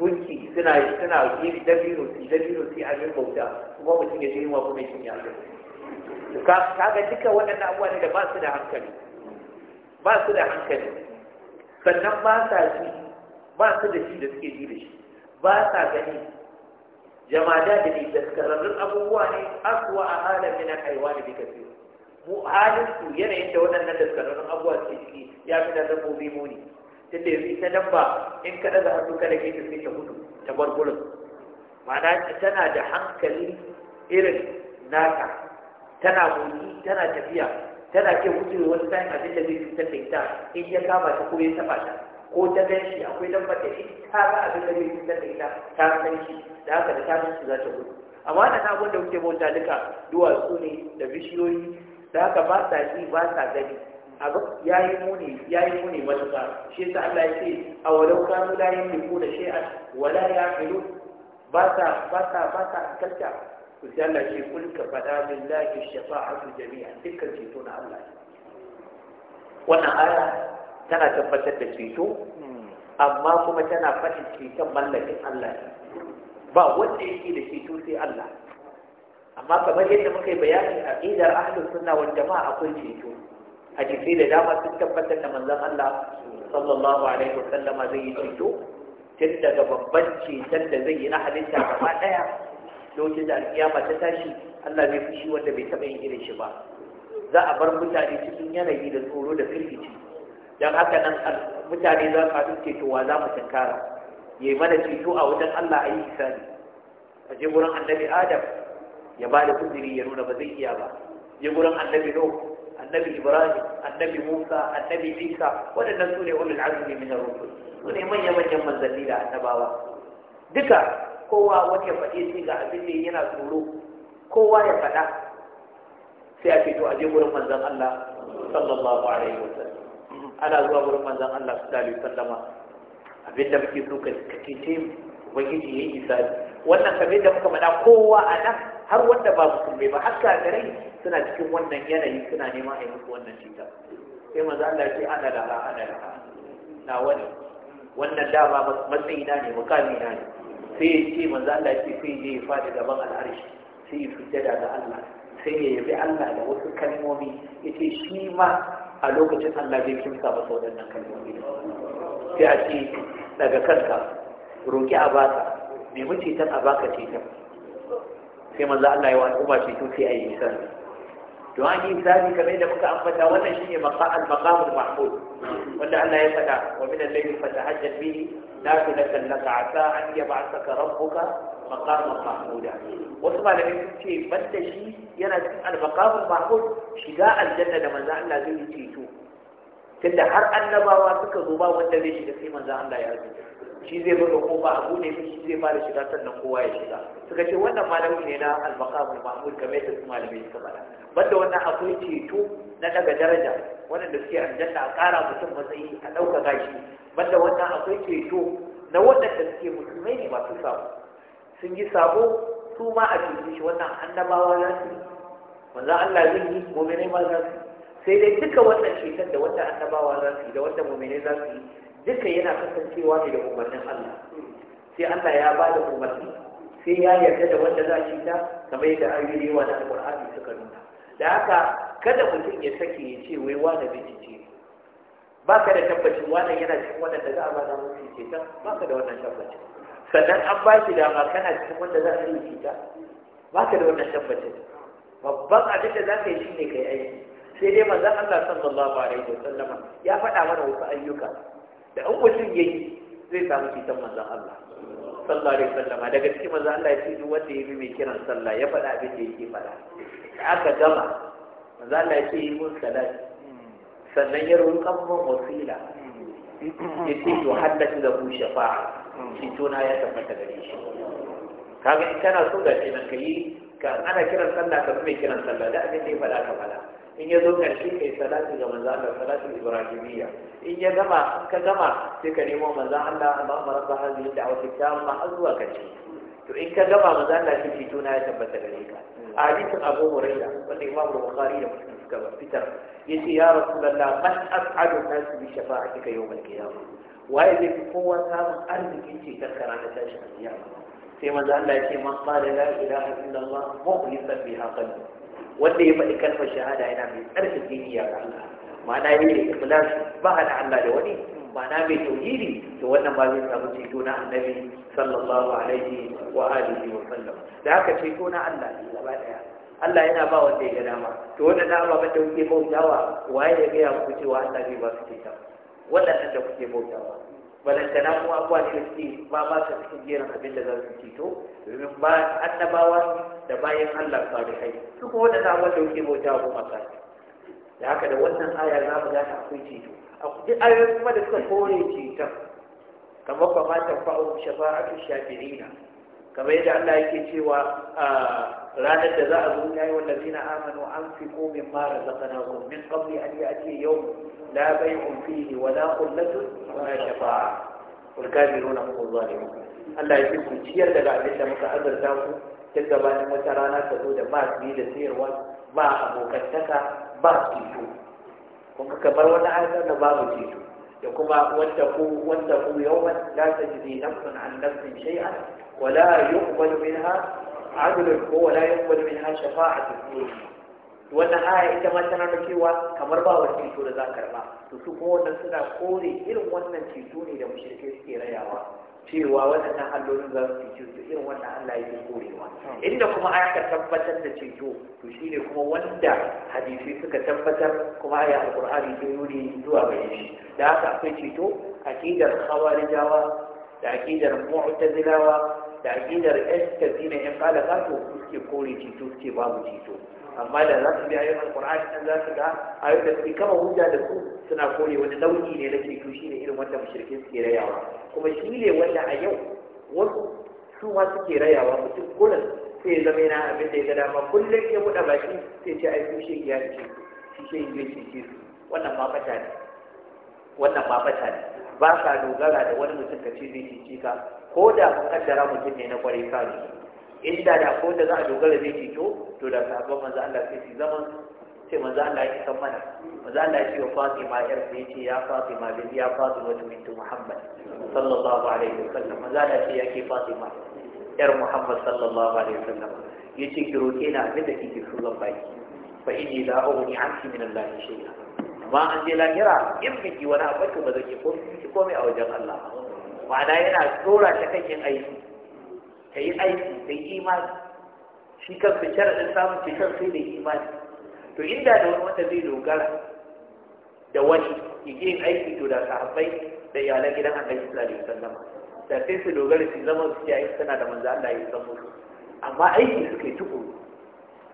gunki suna suna yi dabino su dabino su abin bauta kuma mutum ya je wa kuma shi ya ka kaga duka waɗannan abubuwa ne da ba su da hankali ba su da hankali sannan ba sa ji ba su da shi da suke ji da shi ba sa gani jama'a da ne daskararrun abubuwa ne aswa a halin mina haiwa da bi kasi mu halin su yanayin da waɗannan daskararrun abubuwa suke ciki ya fi da dabbobi muni tunda yanzu ita dabba in ka ɗaga hannu kada ke ta sai ta gudu ta bar gurin ma'ana tana da hankali irin naka tana motsi tana tafiya tana ke wuce wani sa'in abin da zai cutar da ita in ya kama ta ko ya taɓa ta ko ta gan shi akwai dabba da shi ta ga abin da zai cutar da ita ta san shi da haka da ta san shi za ta gudu amma da na da kuke bauta duka duwatsu ne da bishiyoyi da haka ba sa ji ba sa gani Ya yi muni yayi muni matuƙa shi yasa Allah ya ce a walau kanu la yamliku da shay'an wala yaqilu ba ta ba ta ba ta kalta ku sai Allah ce kul ka fada billahi shafa'atu jami'a dukkan ceto na Allah wannan aya tana tabbatar da ceto amma kuma tana faɗin ceton mallakin Allah ba wanda yake da ceto sai Allah amma kamar yadda muka yi bayani a idar ahlus sunna wal jama'a akwai ceto hadisi da dama sun tabbatar da manzan Allah sallallahu alaihi wa sallama zai yi ceto tun daga babban ceton da zai yi na halitta gaba ɗaya lokacin da alkiyama ta tashi Allah bai fushi wanda bai taɓa yin irin shi ba za a bar mutane cikin yanayi da tsoro da firgici don haka nan mutane za su haɗu ceto wa za mu tunkara yi mana ceto a wajen Allah a yi hisani a je gurin annabi adam ya ba da kudiri ya nuna ba zai iya ba je gurin annabi nuh annabi ibrahim annabi musa annabi isa waɗannan su ne ulul azumi min ar-rusul su ne manyan manyan manzanni da annabawa duka kowa wata faɗi shi ga abin da yana tsoro kowa ya faɗa sai a ce to a je gurin manzon Allah sallallahu alaihi sallam ana zuwa gurin manzon Allah sallallahu alaihi wasallama abin da muke so ka kace ubangiji ya yi misali wannan kamar da muka faɗa kowa a nan har wanda ba musulmai ba har kafirai suna cikin wannan yanayi suna neman a yi musu wannan cuta sai maza Allah ya ce ana da ha ana da ha na wani wannan dama matsayi na ne mukami na ne sai ya ce maza Allah ya ce sai ya faɗi gaban al'arshi sai ya sujjada ga Allah sai ya yabi Allah da wasu kalmomi ya ce shi ma a lokacin Allah zai kimsa masa waɗannan kalmomi sai a ce daga kanka roki a baka nemi ceton a baka ceton sai manzo Allah ya wa al'umma ceto sai ayi nisan. Don an yi misali kamar da muka ambata wannan shine maqal maqamul mahmud wanda Allah ya faɗa wa min al-layli na bihi nafilatan laka asa an yi sa yab'athaka rabbuka maqaman mahmuda wasu malamai sun ce banda shi yana cikin al-maqamul mahmud shiga aljanna da manzo Allah zai yi ceto tunda har annabawa suka zo ba wanda zai shiga sai manzo Allah ya rubuta shi zai buga kofa a bude shi zai ba da shiga sannan kowa ya shiga suka ce wannan malami ne na al-maqamul mahmud kamar yadda su malamai suka faɗa banda wannan akwai ceto na daga daraja wanda suke aljanna a ƙara mutum matsayi a ɗauka gashi banda wannan akwai ceto na waɗanda suke musulmai ne masu sabo sun yi sabo su ma a cikin shi wannan annabawa za su manzan Allah zai yi mu'minai ma za su sai dai duka wannan ceton da wannan annabawa za su yi da wannan mu'minai za su yi duka yana kasancewa ne da umarnin Allah sai Allah ya ba da umarni sai ya yarda da wanda za shi ta kamar yadda ayoyi yawa na Alƙur'ani suka nuna da haka kada mutum ya sake ya ce wai wani bincike ba ka da tabbacin wannan yana cikin da za a ba da mutum ce ta ba ka da wannan tabbacin sannan an ba shi dama kana cikin wanda za a yi ce ta ba ka da wannan tabbacin babban abin da za ka yi shi ne ka yi aiki sai dai manzon Allah sallallahu alaihi wa sallama ya faɗa mana wasu ayyuka da an mutum yi zai samu cutar manzon Allah sallah da sallama. daga cikin manzon Allah ya ce duk wanda ya bi mai kiran sallah ya faɗa abin da yake faɗa da aka gama manzon Allah ya ce yi mun salati sannan ya roƙan mun wasila ya ce to haddace da ku shafa'a shi tona ya tabbata gare shi kaga in kana so da kenan ka yi ka ana kiran sallah ka bi mai kiran sallah da abin da ya faɗa ka faɗa in ya zo karshe kai salati ga manzo Allah salati ibrahimiyya in ya gama ka gama sai ka nemo manzo Allah Allahumma rabb hadhihi da'wati tamma azwa kace to in ka gama manzo Allah shi fito na ya tabbata gare ka a hadisin Abu Hurairah wanda Imam Bukhari da Muslim suka fitar yace ya Rasulullah man as'adu nas bi shafa'atika yawm al-qiyamah waye zai fi kowa samun arzikin ce karkara da tashin kiyama sai manzo Allah ya ce man qala la ilaha illallah mukhlisan biha qalbi wanda ya faɗi kalmar shahada yana mai tsarkin diniya ga Allah ma'ana yi da ikhlas ba da Allah da wani ma'ana mai tauhiri to wannan ba zai samu ceto na annabi sallallahu alaihi wa alihi wa sallam da haka ceto na Allah ne gaba daya Allah yana ba wanda ya ga dama to wannan na ba ta kuke bautawa waye ya ga ya ku cewa Allah zai ba su ceto wannan da kuke bautawa balantana kuma abuwa ne da suke ba ba su cikin jerin abin da za su ceto domin ba annabawa da bayan Allah salihai su kuma waɗanda wanda yake bauta ko maka da haka da wannan aya za mu gane akwai ceto akwai ayoyi kuma da suka kore ceton kamar ba ta fa'u shafa'atu shafi'ina kamar yadda Allah yake cewa ranar da za a zo ya yi wallafi amanu an fi komin mara zakana min kabli an yi ake yau la bai fihi wa la kullatun wa la shafa'a kulkabiru na muku zalimu Allah ya ku ciyar daga abin da muka azurta ku tun gabanin wata rana ta zo da ba su da sayarwa ba abokantaka ba ceto kuma kamar wani ayar da babu ceto da kuma wanda ku wanda ku yawman la tajzi nafsun an nafsin shay'an wa la yuqbalu minha adlun wa la yuqbalu minha shafa'atu wannan aya ita ma tana da cewa kamar ba wani ceto da za karba to su kuma wannan suna kore irin wannan ceto ne da mushrike suke rayawa cewa waɗannan allolin za su cece su irin wanda Allah yake korewa hmm. inda kuma aka tabbatar da ceto to shine kuma wanda hadisi suka tabbatar kuma aya alqur'ani ke nuni zuwa gare shi da haka akwai ceto aqidar khawarijawa da aqidar mu'tazilawa da aqidar istazina in qala ka to suke kore ceto suke babu ceto amma da za su bi ayoyin alƙur'ani nan za su ga ayoyin da suke kama hujja da su suna kore wani nau'i ne na shi ne irin wanda mushrikin suke rayawa kuma shi ne wanda a yau wasu su ma suke rayawa mutum kullum sai ya zama yana abin da ya ga dama kullum ya buɗe baki sai ce ai su shi ya ce su shi ya ce su wannan ma fata ne wannan ma fata ne ba sa dogara da wani mutum ka ce zai cece ka ko da mun kaddara mutum ne na kwarai ka inda da ko da za a dogara zai ceto to da sahabban manzo Allah sai su zaman sai manzo Allah ya san mana manzo Allah ya ce wa Fatima yar sai ce ya Fatima bin ya Fatima bint Muhammad sallallahu alaihi wasallam manzo Allah ce yake Fatima yar Muhammad sallallahu alaihi wasallam yace ki roke ni abin da kike so zan baki fa inni la ughni anki min Allah shay'a Ba an je lahira in biki wani abu to ba zan ki komai a wajen Allah ma'ana yana tsora ta kan yin aiki ka yi aiki ka yi imani shi kan fitar da samun fitar sai da imani to inda da wani wanda zai dogara da wani ya yin aiki to da sahabbai da iyalan gidan annabi sallallahu alaihi zama da sai su dogara su zama su yayi suna da manzan Allah ya san su. amma aiki suka yi tukuru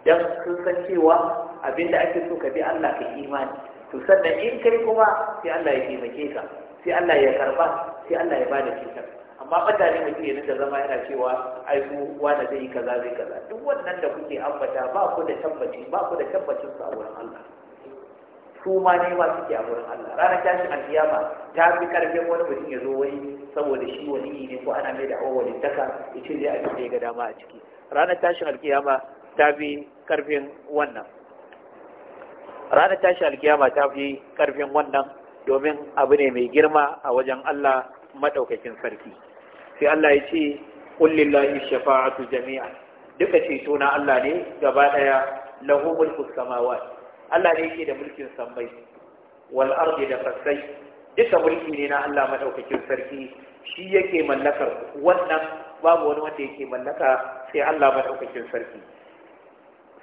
dan sun san cewa abinda ake so ka bi Allah ka imani to sannan in kai kuma sai Allah ya taimake ka sai Allah ya karba sai Allah ya bada cikin amma mutane ne mutum ya da zama yana cewa ai ku zai yi kaza zai kaza duk wannan da kuke ambata ba ku da tabbaci ba ku da tabbacin sa a wurin Allah su ma ne ma suke a wurin Allah ranar tashin alkiyama ta fi karfin wani mutum ya zo wai saboda shi wani ne ko ana mai da awon wani daka ya ce zai abin da ya ga dama a ciki ranar tashin alkiyama ta fi karfin wannan ranar tashin alkiyama ta fi karfin wannan domin abu ne mai girma a wajen Allah madaukakin sarki sai Allah ya ce kullillahi shafa'atu jami'a duka ceto na Allah ne gaba daya lahu mulku samawat Allah ne yake da mulkin sammai wal ardi da fasai duka mulki ne na Allah madaukakin sarki shi yake mallakar wannan babu wani wanda yake mallaka sai Allah madaukakin sarki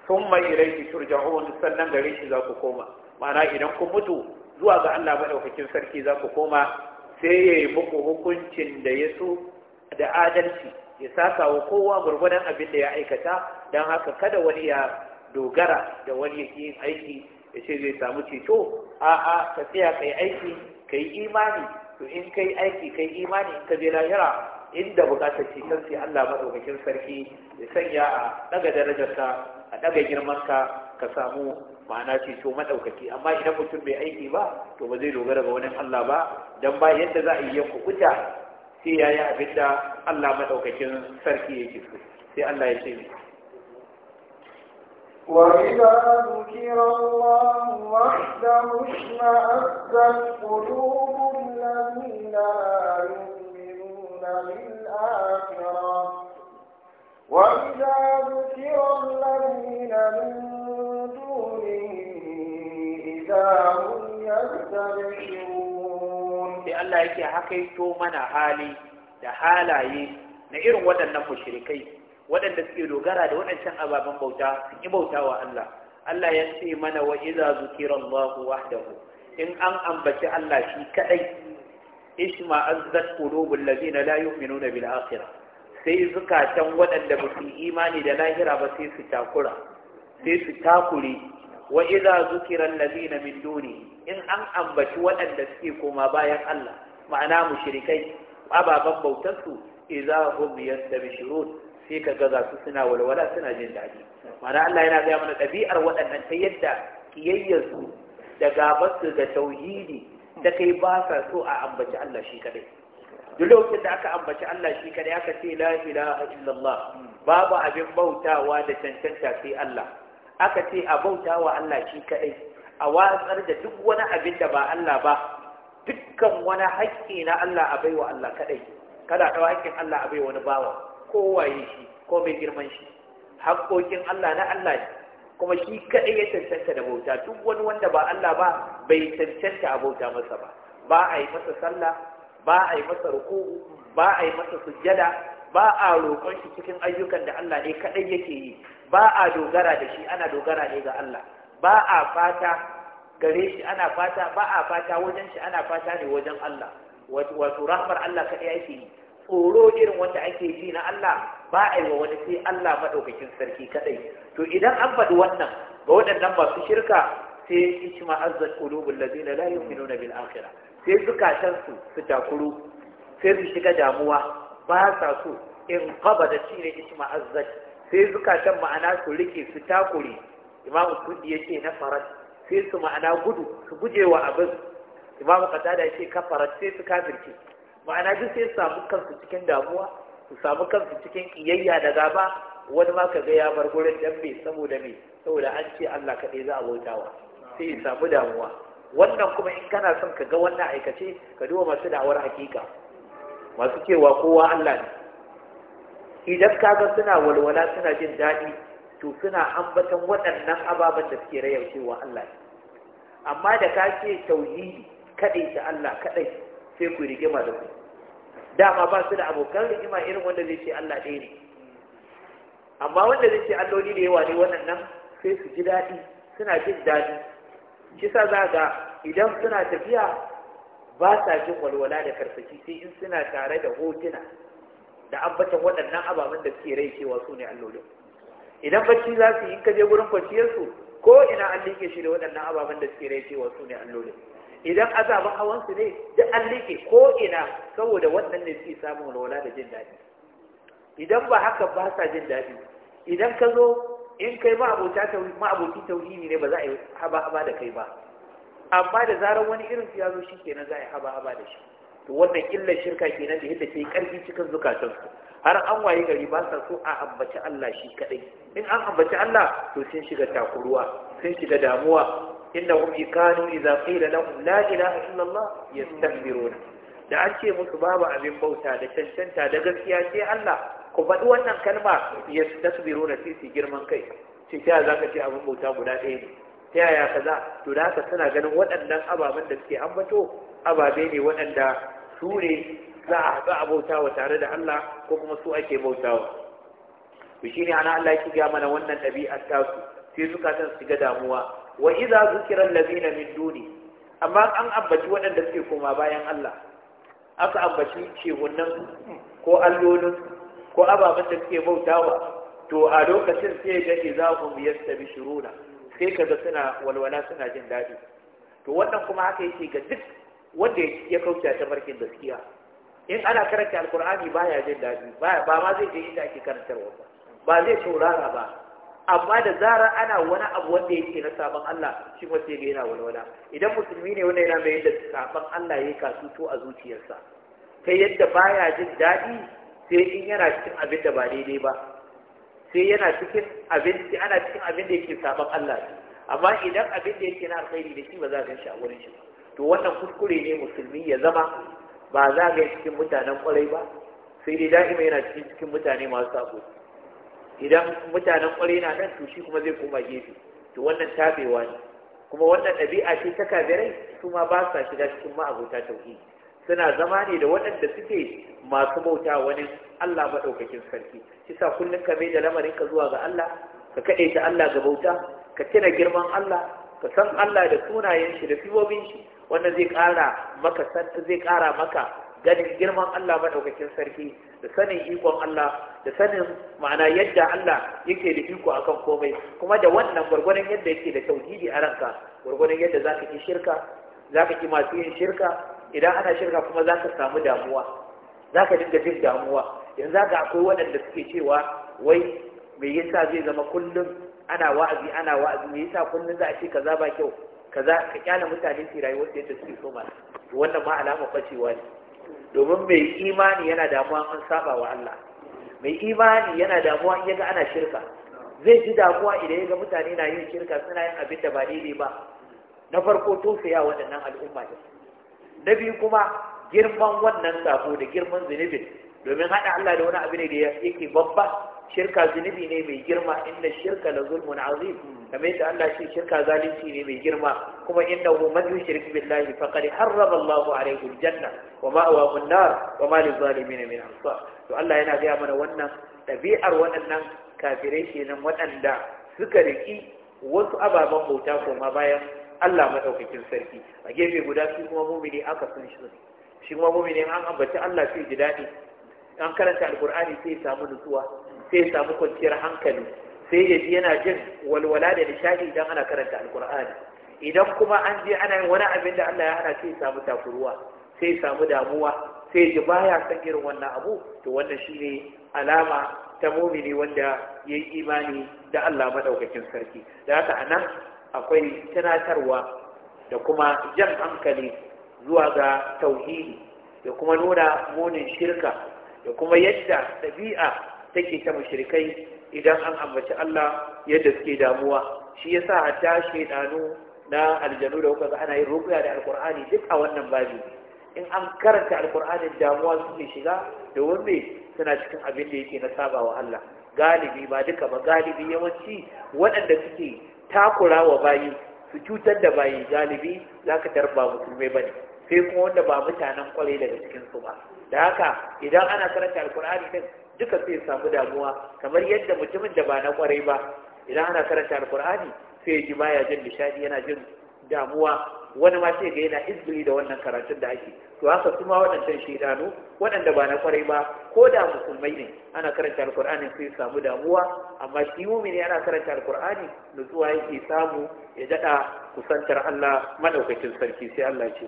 summa ilayhi turja'un sannan gare shi za ku koma ma'ana idan kun mutu zuwa ga Allah madaukakin sarki za ku koma sai ya yi muku hukuncin da ya so da adalci ya saka wa kowa gurgudan abin da ya aikata don haka kada wani ya dogara da wani ya yin aiki ya ce zai samu ceto a'a ka tsaya kai aiki kai imani to in kai aiki kai imani in ka je lahira inda bukatar cikin sai Allah maɗaukakin sarki ya sanya a daga darajarka a ɗaga girman ka ka samu ma'ana ceto madaukaki amma idan mutum bai aiki ba to ba zai dogara ga wani Allah ba dan ba yadda za a yi yanku kuta sai يا yi الله da Allah maɗaukakin sarki yake so sai Allah وإذا ذكر الله وحده اشمأزت قلوب الذين لا يؤمنون بالآخرة وإذا ذكر الذين من دونه إذا هم يستبشرون Allah yake hakaito mana hali da halaye na irin waɗannan mushrikai waɗanda suke dogara da waɗancan ababen bauta sun yi bauta wa Allah Allah ya ce mana wa idza zukira Allahu wahdahu in an ambaci Allah shi kadai isma azzat qulubul ladina la yu'minuna bil akhirah sai zukatan waɗanda ba su imani da lahira ba sai su takura sai su takure wa idza zukira alladhina min duni in an ambaci waɗanda suke koma bayan Allah ma'ana mushrikai ababan bautar su idza hum yastabshirun sai ka ga su suna walwala suna jin daɗi ma'ana Allah yana gaya mana ɗabi'ar waɗannan ta yadda kiyayyarsu da gabar su da tauhidi da kai ba sa so a ambaci Allah shi kadai duk lokacin da aka ambaci Allah shi kadai aka ce la ilaha illallah babu abin bautawa da cancanta sai Allah aka ce a bauta wa Allah shi kaɗai a watsar da duk wani abin da ba Allah ba dukkan wani haƙƙi na Allah a baiwa Allah kaɗai kada ɗau haƙƙin Allah a baiwa wani bawa kowaye shi ko mai girman shi haƙƙoƙin Allah na Allah ne kuma shi kaɗai ya cancanta da bauta duk wani wanda ba Allah ba bai cancanta a bauta masa ba ba a yi masa sallah ba a yi masa ruku'u ba a yi masa sujjada ba a roƙon shi cikin ayyukan da Allah ne kaɗai yake yi ba a dogara da shi ana dogara ne ga Allah ba a fata gare shi ana fata ba a fata wajen shi ana fata ne wajen Allah wato rahmar Allah kaɗai ake yi tsoro irin wanda ake ji na Allah ba a yi wa wani sai Allah maɗaukakin sarki kaɗai to idan an faɗi wannan ga waɗannan masu shirka sai ishma azzat qulubul ladina la yu'minuna bil akhirah sai zukatan su su takuru sai su shiga damuwa ba sa so in qabada shi ne ishma sai zukatan ma'ana su rike su takure imam ya yace na farat sai su ma'ana gudu su gujewa abin imam qatada ka farat sai su kafirce ma'ana duk sai su samu kansu cikin damuwa su samu kansu cikin kiyayya da gaba wani ma kaga ya bar gurin dan me saboda me saboda an ce Allah kaɗai za a bautawa sai ya samu damuwa wannan kuma in kana son ka ga wannan aikace ka duba masu da'awar hakika masu cewa kowa Allah ne idan kaga suna walwala suna jin daɗi to suna ambatan waɗannan ababen da suke rayar cewa Allah amma da ka ce tauhidi kaɗai ta Allah kaɗai sai ku rigima da ku dama ba su da abokan rigima irin wanda zai ce Allah ɗaya ne amma wanda zai ce alloli da yawa ne waɗannan sai su ji daɗi suna jin daɗi shi sa za ga idan suna tafiya ba sa jin walwala da karfashi sai in suna tare da hotuna da ambatan waɗannan ababen da suke rai cewa su ne allolin idan bacci za su yi kaje gurin kwanciyarsu ko ina an liƙe shi da waɗannan ababen da suke rai cewa su ne allolin idan azaban hawansu ne duk an liƙe ko ina saboda wannan ne suke samun walwala da jin daɗi idan ba haka ba sa jin daɗi idan ka zo in kai ma'aboki tauhidi ne ba za a yi haba-haba da kai ba amma da zarar wani irin su shi kenan za a yi haba-haba da shi to wannan illar shirka kenan da yadda sai karfi cikin zukatansu har an waye gari ba sa so a ambaci Allah shi kaɗai. in an ambaci Allah to sun shiga takuruwa sun shiga damuwa hum ikanu idza qila lahum la ilaha illa Allah yastakbiruna da an ce musu babu abin bauta da cancanta da gaskiya sai Allah ku faɗi wannan kalma yastakbiruna sai su girman kai sai ta za ka ce abin bauta guda ɗaya ne ta yaya kaza to da haka suna ganin waɗannan ababen da suke ambato ababe ne waɗanda su ne za a haɗu a bautawa tare da Allah ko kuma su ake bautawa to ne ana Allah ki gama mana wannan ɗabi'ar tasu sai suka san su ga damuwa wa idza kiran allazina min duni amma an ambaci waɗanda suke koma bayan Allah aka ambaci shehunan ko allolin ko ababen da suke bautawa to a lokacin sai ga idza hum bishiruna sai ka ga suna walwala suna jin daɗi to wannan kuma haka yake ga duk wanda ya kauce ta tafarkin gaskiya in ana karanta alkur'ani baya jin daɗi ba ma zai je inda ake karantarwa ba ba zai taurara ba amma da zarar ana wani abu wanda yake na sabon Allah shi ma sai yana walwala idan musulmi ne wanda yana mai da sabon Allah yake to a zuciyarsa kai yadda baya jin daɗi sai in yana cikin abin da ba daidai ba sai yana cikin abin ana cikin abin da yake sabon Allah amma idan abin da yake na alkhairi da shi ba za ka shi a wurin shi ba to wannan kuskure ne musulmi ya zama ba za ga cikin mutanen kwarai ba sai dai da'ima yana cikin cikin mutane masu sabo idan mutanen kwarai na nan to shi kuma zai koma gefe to wannan tabewa ne kuma wannan ɗabi'a ce ta kafirai su ma ba sa shiga cikin ma'abota tauhidi suna zama ne da waɗanda suke masu bauta wani Allah maɗaukakin sarki shi sa kullum ka mai da lamarin ka zuwa ga Allah ka kaɗe ta Allah ga bauta ka tuna girman Allah ka san Allah da sunayen shi da fibobin shi wannan zai ƙara maka zai ƙara maka ganin girman Allah maɗaukakin sarki da sanin ikon Allah da sanin ma'ana yadda Allah yake da iko akan komai kuma da wannan gwargwadon yadda yake da tauhidi a ranka gwargwadon yadda zaka ki shirka zaka ki masu yin shirka idan ana shirka kuma zaka samu damuwa zaka dinga jin damuwa yanzu haka akwai waɗanda suke cewa wai me yasa zai zama kullum ana wa'azi ana wa'azi me yasa kullum za a ce kaza ba kyau kaza ka kyala mutane su rayuwar da yadda suke so wannan ma alama bacewa ne domin mai imani yana damuwa an saba wa Allah mai imani yana damuwa in yaga ana shirka zai ji damuwa idan yaga mutane na yin shirka suna yin abin da ba daidai ba na farko tausaya waɗannan al'umma ne na biyu kuma girman wannan sako da girman zunubin domin haɗa Allah da wani abu ne da yake babba shirka zunubi ne mai girma inda shirka la zulmun azim kamar yadda Allah shi shirka zalunci ne mai girma kuma innahu man shirki billahi faqad harrama Allahu alayhi aljanna wa ma'wahu an-nar wa ma lizalimin min ansar to Allah yana ga mana wannan ɗabi'ar waɗannan kafirai kenan waɗanda suka riki wasu ababen bauta koma bayan Allah madaukakin sarki a gefe guda shi kuma mumini aka sun shi shi kuma mumini an ambaci Allah sai ji daɗi an karanta alkur'ani sai ya samu nutsuwa sai ya samu kwanciyar hankali sai ya ji yana jin walwala da nishadi idan ana karanta alkur'ani idan kuma an je ana yin wani abin da Allah ya hana sai ya samu takuruwa sai ya samu damuwa sai ji baya san irin wannan abu to wannan shine alama ta mumini wanda ya yi imani da Allah madaukakin sarki da haka anan akwai tunatarwa da kuma jan hankali zuwa ga tauhidi da kuma nuna munin shirka da kuma yadda ɗabi'a take ta mashirikai idan an ambaci Allah yadda suke damuwa shi ya yasa hatta shaidanu na aljanu da kuka ga ana yin rukuya da alkur'ani duk a wannan babi in an karanta alkur'anin damuwa suke shiga da wanne suna cikin abin da yake na sabawa Allah galibi ba duka ba galibi yawanci waɗanda suke takura wa bayi su cutar da bayi galibi za ka tarba musulmai ba ne sai kuma wanda ba mutanen kwarai daga cikin su ba da haka idan ana karanta alkur'ani din duka sai samu damuwa kamar yadda mutumin da ba na kwarai ba idan ana karanta alkur'ani sai ji baya jin nishadi yana jin damuwa wani ma sai ga yana izbiri da wannan karatun da ake to haka kuma waɗancan shaidanu waɗanda ba na kwarai ba ko da musulmai ne ana karanta alkur'ani sai samu damuwa amma shi mumini ana karanta alkur'ani nutsuwa yake samu ya daɗa kusantar Allah maɗaukacin sarki sai Allah ce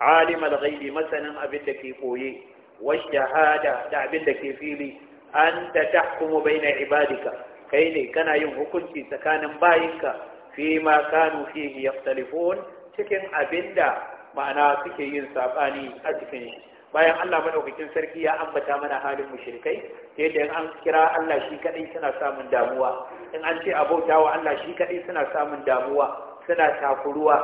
alim al masanin abin da ke koye wa shahada da abin da ke fili anta tahkumu baina ibadika kai ne kana yin hukunci tsakanin bayinka fi ma kanu fihi yaftalifun cikin abin da ma'ana suke yin sabani a cikin shi bayan Allah madaukakin sarki ya ambata mana halin mushrikai yadda in an kira Allah shi kadai suna samun damuwa in an ce a wa Allah shi kadai suna samun damuwa suna takuruwa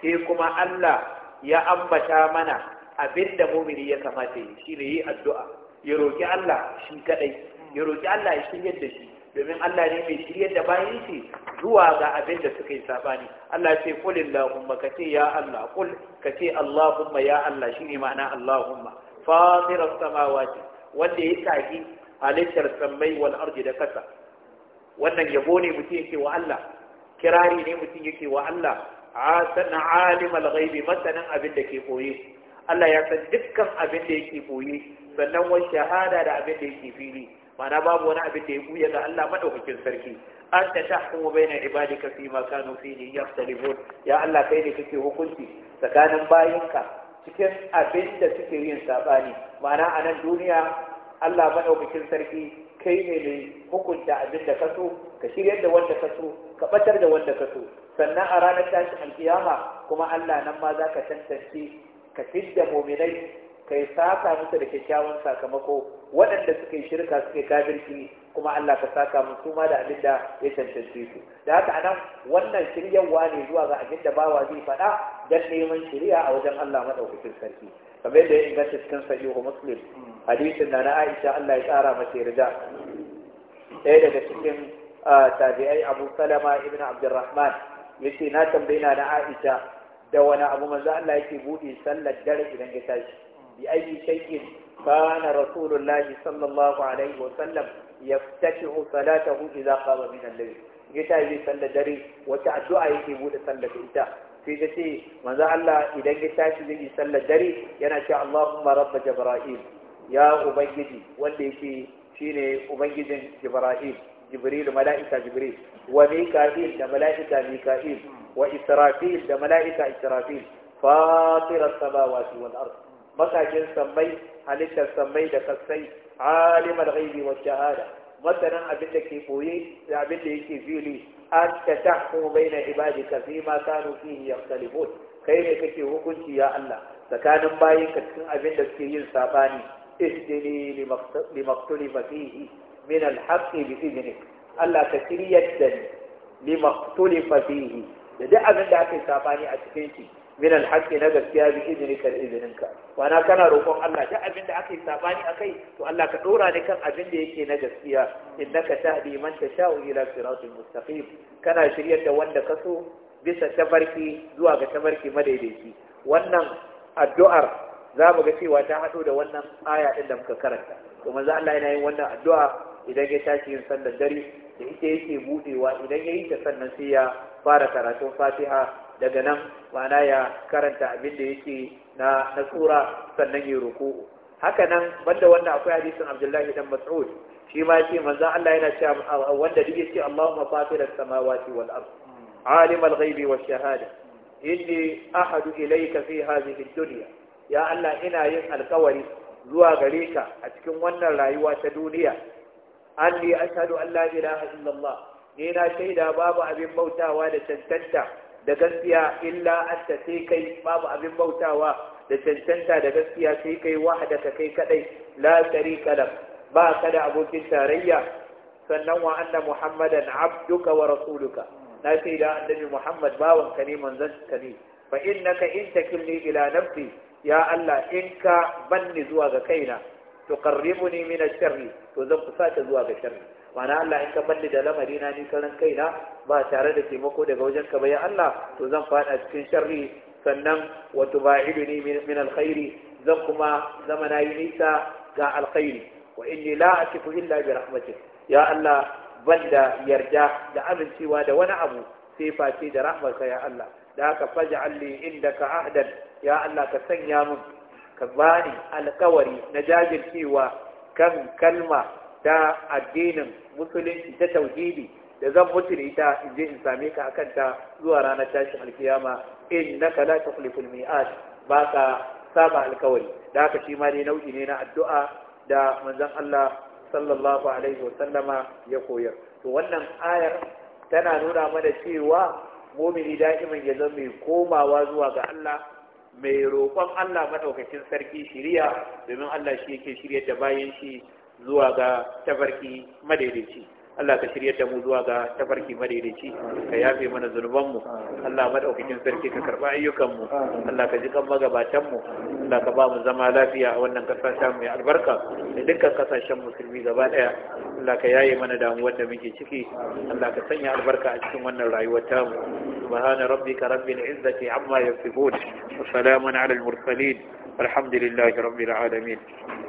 sai kuma Allah ya ambata mana abinda mumini ya kamata yi shine yi addu'a ya roƙi Allah shi kadai ya roƙi Allah ya shiryar da shi domin Allah ne mai shiryar da bayan shi zuwa ga abin da suka yi sabani Allah ce kulillahumma kace ya Allah kul kace Allahumma ya Allah shine ma'ana Allahumma fatir as-samawati wanda ya tafi halittar sammai wal ardi da kasa wannan yabo ne mutum yake wa Allah kirari ne mutum yake wa Allah sannan alimal ghaibi masanin abin da ke koye. Allah ya san dukkan abin da yake koye sannan wani shahada da abin da yake fili mana babu wani abin da ya buya ga Allah madaukakin sarki an ta tahkumu baina ibadika fi ma kanu fihi yaftalifun ya Allah kai ne kake hukunci tsakanin bayinka cikin abin da suke yin sabani mana a nan duniya Allah madaukakin sarki kai ne mai hukunta abin da ka so ka shiryar da wanda ka so ka batar da wanda ka so sannan a ranar tashi alkiyama kuma Allah nan ma za ka tantance ka fidda muminai ka yi saka musu da kyakkyawan sakamako waɗanda suka yi shirka suka yi kafirci kuma Allah ka saka musu ma da abin da ya tantance su da haka anan wannan shiryarwa ne zuwa ga abin da bawa zai faɗa don neman shirya a wajen Allah maɗaukakin sarki kamar yadda ya inganta cikin sahihu muslim hadisin na na Aisha Allah ya tsara masa yarda ɗaya daga cikin tabi'ai Abu Salama ibn Abdurrahman yace na tambayi na na Aisha da wani abu manzo Allah yake bude sallar dare idan ya tashi bi ayi shay'in kana rasulullahi sallallahu alaihi wa sallam yaftatihu salatahu idza qama min al-layl ya tashi sallar dare wata addu'a yake buɗe sallar ita sai ta ce manzo Allah idan ya tashi zai yi sallar dare yana cewa Allahumma rabb Jibril ya ubangiji wanda yake shine ubangijin Ibrahim Jibril mala'ika Jibril wa Mika'il da mala'ika Mika'il wa Israfil da mala'ika Israfil fatirar samawati wal ard makakin sammai halittar sammai da kasai alimar ghaibi wa shahada masanin abin da ke boye da abin da yake fili an ta tahkumu baina ibadika fi ma kanu fihi yakhtalifun kai ne kake hukunci ya Allah tsakanin bayinka cikin abin da suke yin sabani اهدني لما اختلف فيه من الحق بإذنك Allah ka kiryar da ni lima tulifa fihi da sabani a cikin min alhaqi na gaskiya bi idnika da izininka wana kana roƙon Allah duk abin da sabani akai to Allah ka ɗora ni kan abinda da yake na gaskiya innaka tahdi man tasha'u ila kana shiryar da wanda ka so bisa tafarki zuwa ga tabarki madaidaici wannan addu'ar za mu ga cewa ta haɗo da wannan aya ɗin da muka karanta to za Allah yana yin wannan addu'a idan ya tashi yin sallar dare da ita yake budewa idan ya yi ta sannan sai ya fara karatun fatiha daga nan ma'ana ya karanta abin da yake na na sannan ya ruku'u haka nan banda wannan akwai hadisin Abdullahi dan Mas'ud shi ma yake manzo Allah yana cewa wanda duk yace Allahumma fatir samawati wal ard alim al-ghaibi wash-shahada inni ahadu ilayka fi hadhihi ad-dunya ya Allah ina yin alkawari zuwa gare ka a cikin wannan rayuwa ta duniya anni ashhadu an la ilaha illallah ni na shaida babu abin bautawa da cancanta da gaskiya illa anta sai kai babu abin bautawa da cancanta da gaskiya sai kai wahdaka kai kadai la sharika lak ba ka da abokin tarayya sannan wa anna muhammadan abduka wa rasuluka na shaida annabi muhammad bawanka ne manzon ka ne fa innaka in takilni ila nafsi ya Allah in ka banni zuwa ga kaina tuqarribuni min ash-sharri to zan ta zuwa ga sharri mana Allah in ka banni da lamari na ni karan kaina ba tare da taimako daga wajen ka ba ya Allah to zan fada cikin sharri sannan wa tubaiduni min al-khairi zan kuma zama na yi nisa ga alkhairi wa inni la atiku illa bi rahmatik ya Allah banda yarda da amincewa da wani abu sai face da rahmarka ya Allah da ka faja alli inda ka ahdan ya Allah ka sanya mun ka bani alkawari na jajircewa kan kalma ta addinin musulunci ta tauhidi da zan mutu da ita in je in same ka akan ta zuwa ranar tashin alkiyama innaka la tukhliful mi'ad ba ka saba alkawari da haka shi ma ne nau'i ne na addu'a da manzon Allah sallallahu alaihi wa sallama ya koyar to wannan ayar tana nuna mana cewa mumini da'iman ya zama mai komawa zuwa ga Allah mai roƙon Allah madaukakin sarki shirya domin Allah shi yake shirya da bayan shi zuwa ga tafarki madaidaici Allah ka shirya da mu zuwa ga tafarki madaidaici ka yafe mana zunubanmu Allah madaukakin sarki ka karba ayyukanmu Allah ka ji kan magabatanmu Allah ka ba mu zama lafiya a wannan kasashen mu albarka da dukkan kasashen musulmi gaba daya Allah ka yaye mana damuwar da muke ciki Allah ka sanya albarka a cikin wannan rayuwar tamu subhana rabbika rabbil izzati amma yasifun wa salamun ala al mursalin والحمد لله رب